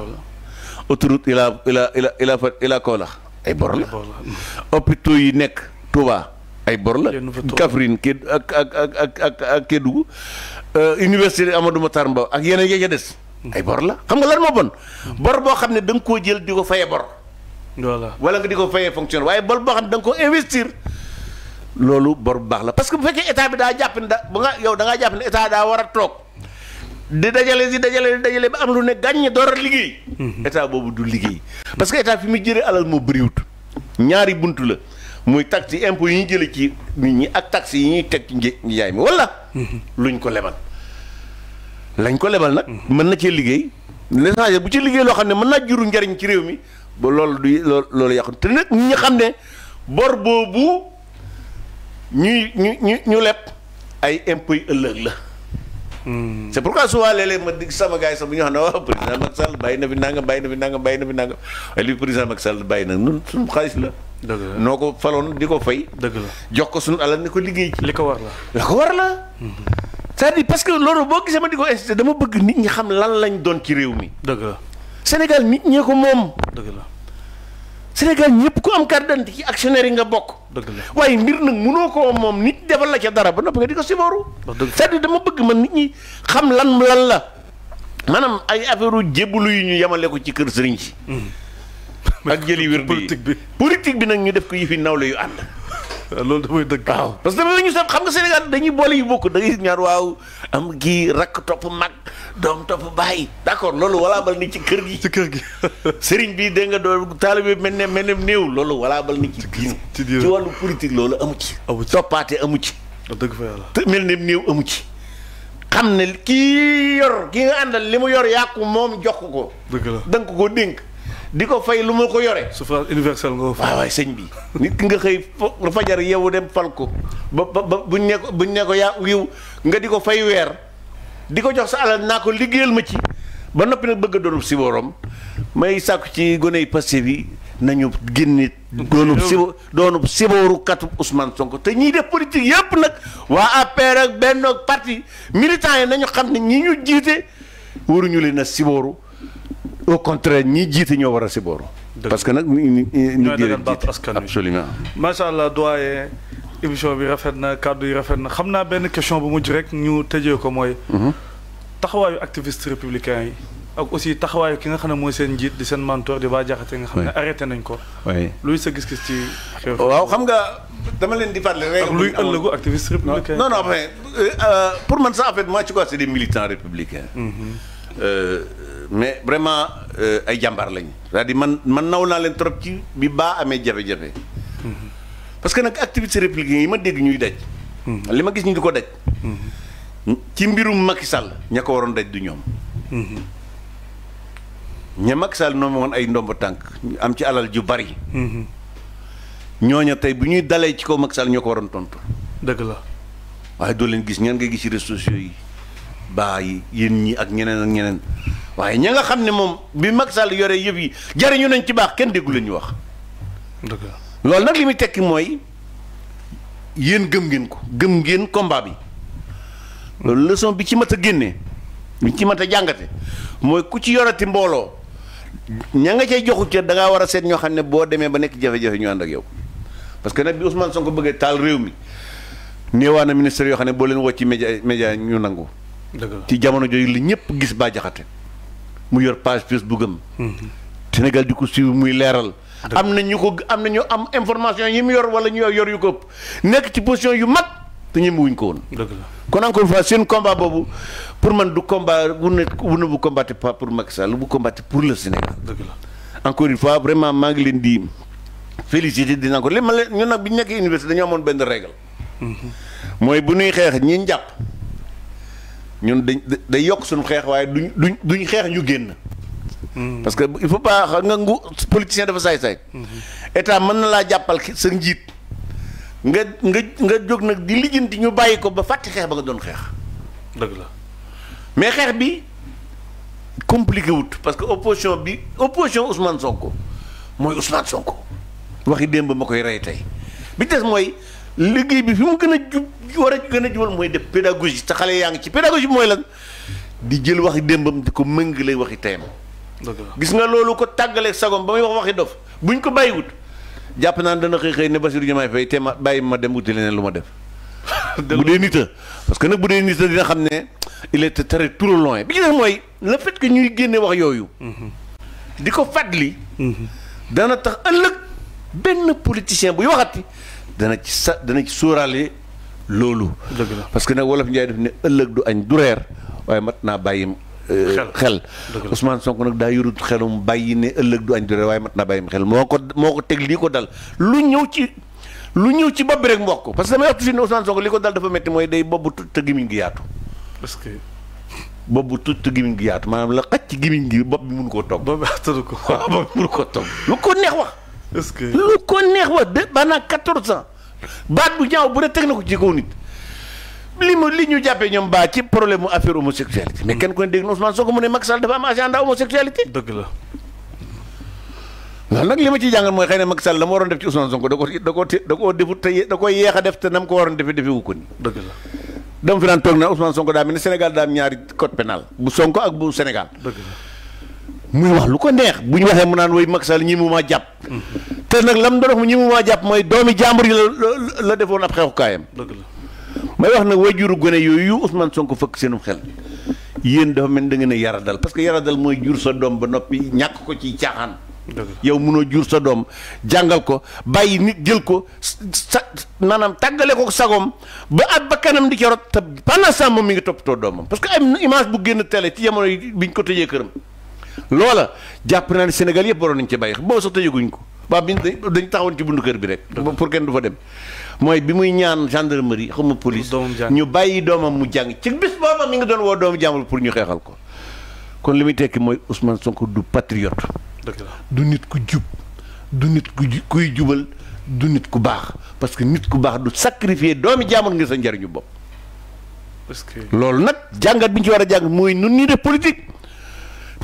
autoroute Ila Ila Ila Ila Ila Kola ay bor la. hôpitaux yi nek Touba ay bor la. kafrine ki ak ak ak ak ak ak Kédougou euh, université Amadou matar mbaw ak yene yi dess hmm. ay bor la xam nga lan mo bon hmm. bor bo xamne dang ko jël diko fayé bor. wala wala nga diko fayé fayee fonctionnaire waaye bor bo xamne dang ko investir. loolu bor bu baax la parce que bu fekkee état bi daa jàpp ne da ba nga yow da ngaa jàpp ne état daa war a toog di dajale di dajale di dajale ba am lu ne gàññi door a liggéey. Mhm. état boobu du liggéey. parce que état fi muy jëlee alal moo bëriwut ñaari bunt la muy taxe yi impôt yi ñu jëlee ci nit ñi ak tax yi ñuy teg ci njaay mi wala. Mhm. luñ ko lebal. lañ ko lebal nag. Mhm. mën na cee liggéey. l'essentiel bu ci liggéey loo xam ne mën naa juru njariñ ci réew mi ba loolu du loolu loolu yàqu te nag ñi nga xam ne bor boobu. ñuy ñu ñu ñu leb ay impôts ëllëg la. c' est a su léeg-léeg ma dig sama gars yi sax bu ñu xam ne waaw président Macky Sall bàyyi na fi nangam bàyyi na fi nangam bàyyi na fi nangam waaye li président Macky Sall na ñun suñu xaalis la. dëgg noo ko faloon di ko fay. dëgg la jox ko suñu alal ni ko liggéey ci. li ko war la la ko war la. Hmm. c'est-à-dire parce que loolu boo gisee ma di ko insisté dama bëgg nit ñi xam lan lañ doon ci réew mi. dëgg la Sénégal nit ñee ko moom. dëgg la. Sénégal ñëpp ko am carte d'identité ci actionnaire yi nga bokk. dëgg la waaye mbir nag munoo koo moom nit defal la ca dara ba noppi nga di ko sibooru. c'est-à-dire dama bëgg ma nit ñi xam lan lan la maanaam ay affaire jébbalu yu ñu yemale ko ci kër sëriñ si. Hmm. ak jëli wér bi politique bi nag ñu def ko yëfi nawle yu ànd. loolu damay dëgg. waaw parce que dañu sax xam nga Sénégal dañuy boole yu bokk da ngay ñaar waaw am kii rakk topp mag doom topp bàyyi. d' accord loolu walaabal bal ci kër gi. ci kër gi. sëriñ bi dégg nga doon taalibe mel ne mel ne néew loolu walaabal ni ci diine. ci diine ci wàllu politique loolu amu ci. amu ci toppaate amu ci. dëgg fa te mel ne néew amu ci. xam ne kii yor ki nga àndal li mu yor yàqu moom jox ko. dëgg la dënk ko dénk. diko fay lu mu yoré souffrance universelle universel nga fa way sëñ bi nit ki nga xëy fajar yewu dem fal ko buñ ne ko buñ ne ko ya wiw nga diko fay wer diko jox sa alal naa ko liggéeyal ma ci ba nopi nak bëgg a ci si borom may sakku ci gone yi passé bi nañu genné doonu ci doonu ci sibooru katub Ousmane Sonko te ñi def politique yépp nak wa APR ak benn parti militant yi nañu xamni ñi ñu jiite waruñu leena ci sibooru au contraire ni jiite ñoo wara ci si parce que nag ñu jiite absolument macha allah doyen émission bi rafet na kàddu yi rafet na xam naa question bu mujj rek ñu tëjee ko moy mhm. taxawaayu activiste républicain yi ak aussi taxawaayu ki nga xam moy sen djit di sen mentor di ba jaxate nga xam ne arrêté nañ ko oui luy sa gis-gis ci waaw xam nga dama len di parler rek luy ëllëgu activiste républicain non non mais euh, euh, pour man ça en fait moi ci vois c'est des militants républicains mhm. euh mais vraiment euh ay jambar lañ da di man man naw naa leen trop ci bi ba amé jafé jafé parce que nak activité réplique yi ma dégg ñuy daj mhm. li ma gis ñu diko daj mhm. ci mbirum Macky Sall ñako waron daj du ñom mhm. ñe Macky Sall no woon ay ndombo tank am ci alal ju bari ñoña tay bu ñuy dalé ci ko Macky Sall ñoo waron tontu deug la way do len gis ñan nga gis ci réseaux sociaux yi ba yi yeen ñi ak ñeneen ak ñeneen waaye ña nga xam ne moom bi Macky Sall yore yëpp yi jariñu nañ ci baax kenn déggu la ñu wax. loolu nag li muy tekki mooy yéen gëm ngeen ko gëm ngeen combat bi loolu leçon bi ci mat a génnee bi ci mat a jàngate mooy ku ci yorati mbooloo ña nga cay joxu ca da war a seet ñoo xam ne boo demee ba nekk jafe-jafe ñu ànd ak yow parce que nag bi Ousmane ko bëggee taal réew mi néewaa na ministère yoo xam ne boo leen woo ci média média ñu nangu. ci jamono jooju li ñëpp gis baa mu yor page Facebook am. Sénégal di ko suivre muy leeral. am na ñu ko am na ñu am information yi mu yor wala ñu yor yu ko ëpp nekk ci position yu mag te ñeme wuñ ko woon. kon encore une fois seen combat boobu pour man du combat bu ne bu ne bu combattre pas pour Macky Sall bu combattre pour le Sénégal. encore une fois vraiment maa ngi leen di féliciter dina ko li ma leen ñun nag bi ñu nekkee université dañoo amoon benn règle. Mhm. mooy bu nuy xeex ñi jàpp. ñun dañ day yokk suñu xeex waaye duñ duñ duñ xeex ñu génn. Mm-hmm. parce que il faut pas xam nga ngu politicien dafa saay-saay. Mm-hmm. état mën na laa jàppal sa njiit nga nga nga jóg nag di lijjanti ñu bàyyi ko ba fàtte xeex ba nga doon xeex. dëgg la mais xeex bi compliqué wut parce que opposition bi opposition Ousmane Sonko mooy Ousmane Sonko waxi démb ma koy rey tey bi des mooy. liggéey bi fi mu gën a jub war a gën a jubal mooy def pédagogie te xale yaa ngi ci pédagogie bi mooy lan di jël waxi démbam di ko mëngi lay waxi teyam gis nga loolu ko tàggaleeg sagom ba muy wax waxi dof buñ ko bàyyiwut jàpp naa ne dana xëy xëy ne Bassirou Diomaye Faye te ma bàyyi ma dem uti leneen lu ma def bu dee nita parce que nag bu dee nita dina xam ne il était très trop loin bi ci mooy le fait que ñuy génne wax yooyu mm-hmm. di ko li mm-hmm. dana tax ëllëg benn politicien buy waxati dana ci sa dana ci sóoraale loolu. parce que nag wolof Njaay def ne ëllëg du añ du reer waaye mat naa bàyyi. Euh, xel Ousmane Sonko nag daa yorut xelum bàyyi ne ëllëg du añ du reer waaye mat naa bàyyi xel moo ko moo ko teg lii ko dal lu ñëw ci. lu ñëw ci bopp rek mbokk parce que damay waxtu fii ne Ousmane Sonko li ko dal dafa métti mooy day bopp tut te gimiñ gi yaatu. que. bopp tut te gimiñ gi yaatu maanaam la xaj ci gimiñ gi bopp bi mun koo togg. bopp bi attanu ko waaw koo togg. lu ko neex wax. est-ce que lu ko neex wax de quatorze ans. baat bu ñaaw bu ne teg na ko ci kaw nit li ma li ñu jàppee ñoom baa ci problème mu affaire homosexualité mais kenn ku ne dégg na Ousmane Sonko mu ne Macky Sall dafa am agenda homosexualité. dëgg la. loolu nag ma ciy jàngal mooy xëy na Macky Sall la mu waroon def ci Ousmane Sonko da ko da ko da koo defut te da koy def te na mu ko waroon defee defewu ko ni dëgg la dama fi naan toog na Ousmane Sonko daa mel ne Sénégal daa am ñaari code pénal bu Sonko ak bu Sénégal. dëgg muy wax lu ko neex bu ñu waxee mu naan way Macky Sall ñi mu maa jàpp. te nag lam doon wax mu ñi mu maa jàpp mooy doomi jàmbur yi la la defoon ab xeexukaayam. dëgg may wax nag juru gone yooyu yu soo Sonko fëkk seenum xel. yéen dafa mel da ngeen a yaradal parce que yaradal mooy jur sa doom ba noppi ñàkk ko ci caaxaan. yow munoo jur sa doom jàngal ko bàyyi nit jël ko sa maanaam tàggale ko sagoom ba at ba kanam di ca rot te pendant ce temps moom mi ngi toppatoo doomam parce que am image bu génn télé ci jamono bi ñu ko tëjee këram. loola jàpp naa ne Sénégal yëpp waroon nañ ci bàyyi boo sax te yëguñ ko waa bi dañ taxawoon ci bundu kër bi rek pour kenn du fa dem mooy bi muy ñaan gendarmerie xawma police ñu bàyyi doomam mu jàng ci bis booba mi ngi doon woo doomu jàmbur pour ñu xeexal ko kon li muy tekki mooy Ousmane Sonko du patriote du nit ku jub du nit ku kuy jubal du nit ku baax parce que nit ku baax du sacrifier doomi jàmbur ngir sa njariñu bopp loolu nag jàngat bi ñu ci war a jàng mooy nun ñuy def politique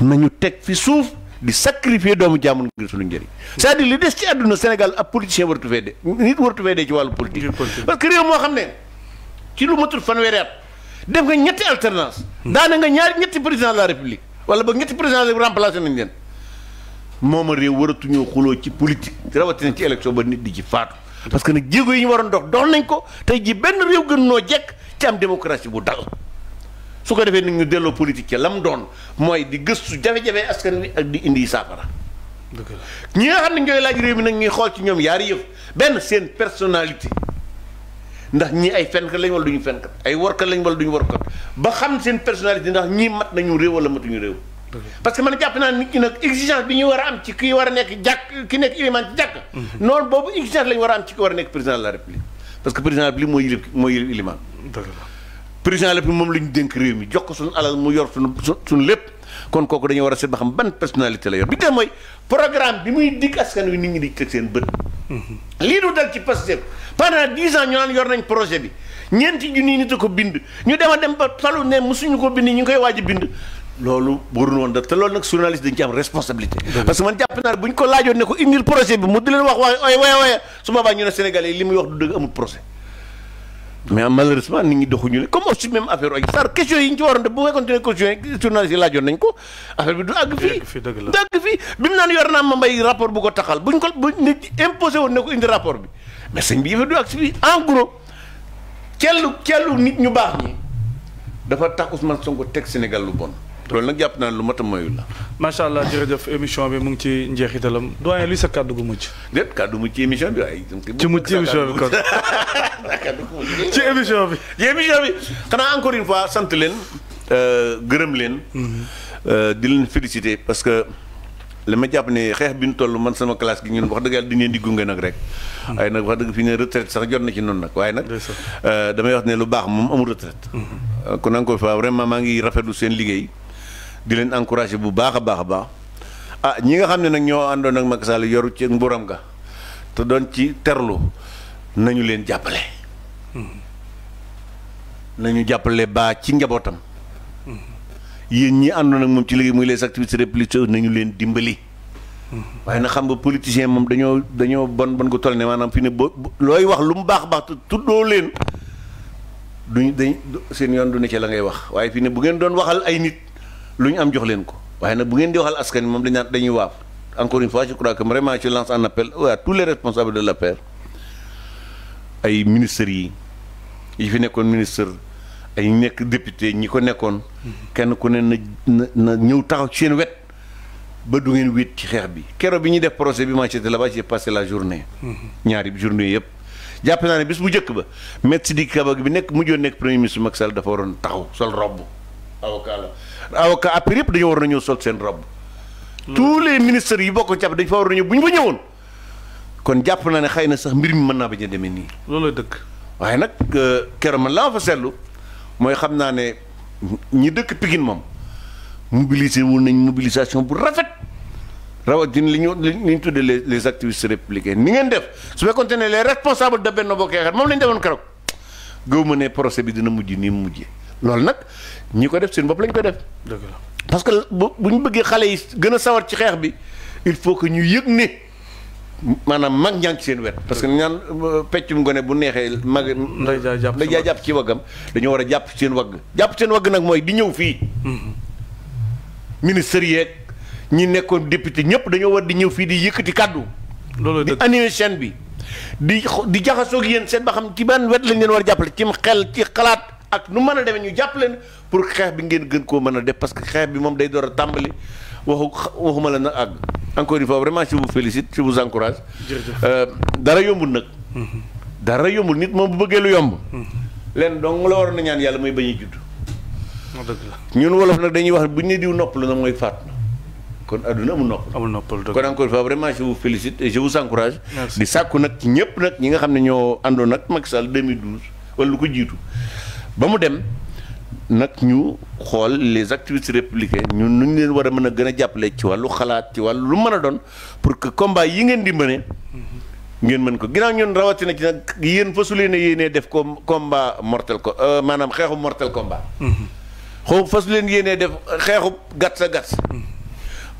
nañu teg fi suuf di sacrifier doomu jàmbur ngir suñu njëriñ c'est-à-dire li des ci àdduna Sénégal ab politicien waratu fee de nit waratu fee de ci wàllu politique parce que réew moo xam ne ci lu matul fanweeri at def nga ñetti alternance daana nga ñaari ñetti président de la république wala ba ñetti président de remplacé nañ leen mooma réew waratuñoo xuloo ci politique rawatina ci élection ba nit di ci faatu parce que nag jéego yi ñu waroon dox dox nañ ko tey ji benn réew gën noo jekk ci am démocratie bu dal su ko defee nit ñu delloo politique ca la mu doon mooy di gëstu jafe-jafe askan wi ak di indi saafara. ñi nga xam ne ñooy laaj réew mi nag ñuy xool ci ñoom yaar yëf benn seen personnalité ndax ñii ay fenkat lañ wala du ñu fenkat ay warkat lañ wala du ñu warkat ba xam seen personnalité ndax ñii mat nañu réew wala matuñu réew. parce que man jàpp naa nit ñi nag exigence bi ñu war a am ci ki war a nekk jàkk ki nekk iliman ci jàkk mhm. noonu boobu exigence la war a am ci ki war a nekk président la république parce que président de la mooy yilif mooy yilif président alal mu yor suñu lépp kon kooku dañoo war a seet ba xam ban personnalité la yor bi te mooy programme bi muy dikk askan wi nit ñi di teg seen bët. lii du dal ci Pastef bi parce que man jàpp naa bu ñu ko laajoon ne ko indil projet bi mu di leen wax waaye ooy waaye waaye su boobaa ñu ne Sénégalais yi li muy wax du dëgg amul projet. mais malheureusement nit ñi doxuñu ne comme aussi même affaire Adji Sarr question yi ñu ci waroon def bu fekkoon ne question yi journaliste yi nañ ko affaire bi du àgg fii du àgg fii bi mu naan yor naa ma mbay rapport bu ko taxal buñ ko bu nit imposé woon ne ko indi rapport bi mais sëñ bi yëfe du àgg fii en gros kellu nit ñu baax ñi dafa tax Ousmane Sonko teg Sénégal lu bon loolu nag jàpp naa lu mat a la. macha allah jërëjëf émission bi mu ngi ci njeexitalam doyen luy sa kàddu gu mujj. déet kàddu mujj ci émission bi waaye. ci mujj ci émission bi kon ci émission bi. ci émission bi xanaa encore une fois sant leen euh, gërëm leen. Mhm. Euh, di leen féliciter parce que. li ma jàpp ne xeex bi ñu toll man sama classe gi ñun wax dëgg di dañu leen di gunge nag rek mhm. waaye nag wax dëgg fi ne retraite sax jot na ci noonu nag waaye nag euh, damay wax ne lu baax moom amul retraite mhm. kon encore une fois maa ngi rafetlu seen liggéey di len encourager bu baakha baakha ba ah ñi nga xamne nak ñoo andon ak Macky Sall yoru ci mburam ga te don ci terlu nañu len jappalé nañu jappalé ba ci njabotam yeen ñi andon ak mom ci liggéey muy les activités républicains nañu len dimbali waye na xam ba politiciens mom dañoo dañoo bon bon ko tolne manam fi ne loy wax lu mu baax baax tuddo len duñ dañ seen yoon du ne ci la ngay wax waye fi ne bu ngeen doon waxal ay nit lu ñu am jox leen ko waaye nag bu ngeen di waxal askan moom dañ naan dañuy waaf encore une fois je crois que vraiment je lance un appel à tous les responsables de l'APR ay ministres yi yi fi nekkoon ministre ay nekk député ñi ko nekkoon kenn ku ne na na ñëw taxaw ci seen wet ba du ngeen wéet ci xeex bi keroog bi ñuy def procès bi ma j'étais là-bas j'ai passé la journée ñaari journée yëpp jàpp naa ne bis bu njëkk ba Maître Sidiki Kaba bi nekk mujjoon nekk premier ministre Macky Sall dafa waroon taxaw sol robb avocat la avocat a yëpp dañu war nañoo sol sen robe tous les ministres yi bokk jàpp dañ fa war nañu bu fa kon japp na ne xëy na sax mbir mi mëna ba bañ a ni loolu dëkk waye nak euh, kërëm la fa sellu moy xamna ne ñi dëkk pigine mom mobiliser wu nañ mobilisation bu rafet rawatina li ñu ñu les les activistes républicains ni ngeen def su be ne les responsables de Benno Bokk Yaakaar moom la ñu defoon keroog gëw ma ne procès bi dina mujj ni mujjé loolu nag ñi ko def seen bopp lañ koy def. parce que bu ñu bëggee xale yi gën a sawar ci xeex bi il faut que ñu yëg ne maanaam mag ñaa ci seen wet. parce que ñaan peccum gone bu neexee mag. nday jaay jàpp ci waggam dañoo war a jàpp seen wagg jàpp seen wagg nag mooy di ñëw fii. Mm-hmm. ministre yeeg ñi nekkoon député ñëpp dañoo war di ñëw fii di yëkkati kàddu. loolu di animé chaîne bi. di di jaxasoo ak yéen seen ba xam ci ban wet lañ leen war a jàppale ci xel ci xalaat. ak nu meuna dem ñu japp leen pour xex bi ngeen gën ko meuna def parce que xex bi mom day door tambali waxu waxuma la nag ag encore une fois vraiment je vous félicite je vous encourage. euh dara yombul nak dara yombul nit mom bu bëggé lu yomb. leen dong la war na ñaan yalla muy bañu judd. ñun wolof nak dañuy wax bu ñu diw noppalu na mooy faat na kon aduna mu nopp amul nopp noppal kon encore fois vraiment je vous félicite et je vous encourage. di sakku nak ci ñëpp nag ñi nga xamne ño ñoo nak nag Macky Sall 2012 wala lu ko jitu ba mu dem nag ñu xool les activités républicaines ñun nu ñu leen war a mën a gën a jàppale ci wàllu xalaat ci wàllu lu mën a doon pour que combat yi ngeen di mëne ngeen mën ko ginnaaw ñoon rawatina ci nag yéen fasu leen yéenee def ko combat mortel ko euh, maanaam xeexu mortel combat. Mm-hmm. xaw fasu leen yéenee def xeexu gàtt sa gàtt. Mm-hmm.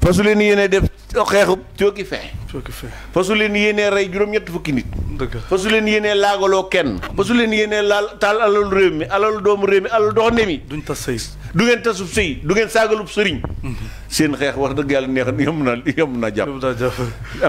fasu leen yéene def xeexub cooki fee cooki leen yéene rey juróom-ñett fukki nit dëgg leen yéene laagaloo kenn fasu leen yéene laal taal alalu réew mi alalu doomu réew mi alalu doxande mi duñ tas sëy du ngeen tasub sëy du ngeen saagalub sëriñ mhm. seen xeex wax dëgg yàlla neex yomb na yomb na jàpp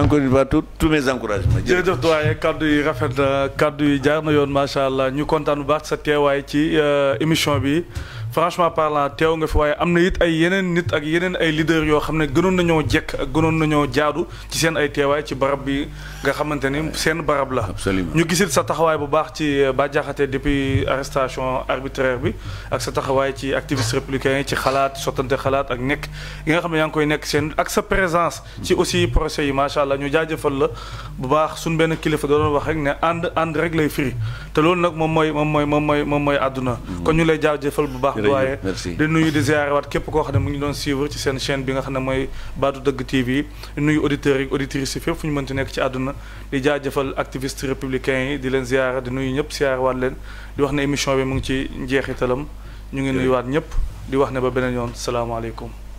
encore une fois tout tous mes encouragements jërëjëf doyen kaddu yi rafet na kaddu yi jaar na yoon macha allah ñu kontaan bu baax sa teewaay ci euh, émission bi franchement parlant teew nga fi waaye am na it ay yeneen nit ak yeneen ay leader yoo xam ne gënoon nañoo jekk ak gënoon nañoo jaadu ci seen ay teewaay ci barab bi nga xamante ni seen barab la. ñu gisit sa taxawaay bu baax ci euh, Bah Diakhaté depuis arrestation arbitraire bi ak sa taxawaay ci activiste républicain ci xalaat sottante xalaat ak nekk yi nga xam ne yaa ngi koy nekk seen ak sa présence. ci aussi procès yi macha allah ñu jaajëfal la bu baax suñ benn kilifa doon wax rek ne ànd ànd rek lay firi te loolu nag moom mooy moom mooy àdduna. Mm. kon ñu lay jaajëfal bu baax. waaye di nuyu di ziarewaat képp koo xam ne mu ngi doon suivre ci seen xam ne mooy Baatu Dëgg TV nuyu auditeurs yi auditrices yi ci àdduna na di jaajëfal activiste républicain yi di leen ziyaara di nuyu ñëpp ziyaarawaat leen di wax ne émission bi mu ngi ci njeexitalam ñu ngi nuyuwaat ñëpp di wax ne ba beneen yoon salaamaaleykum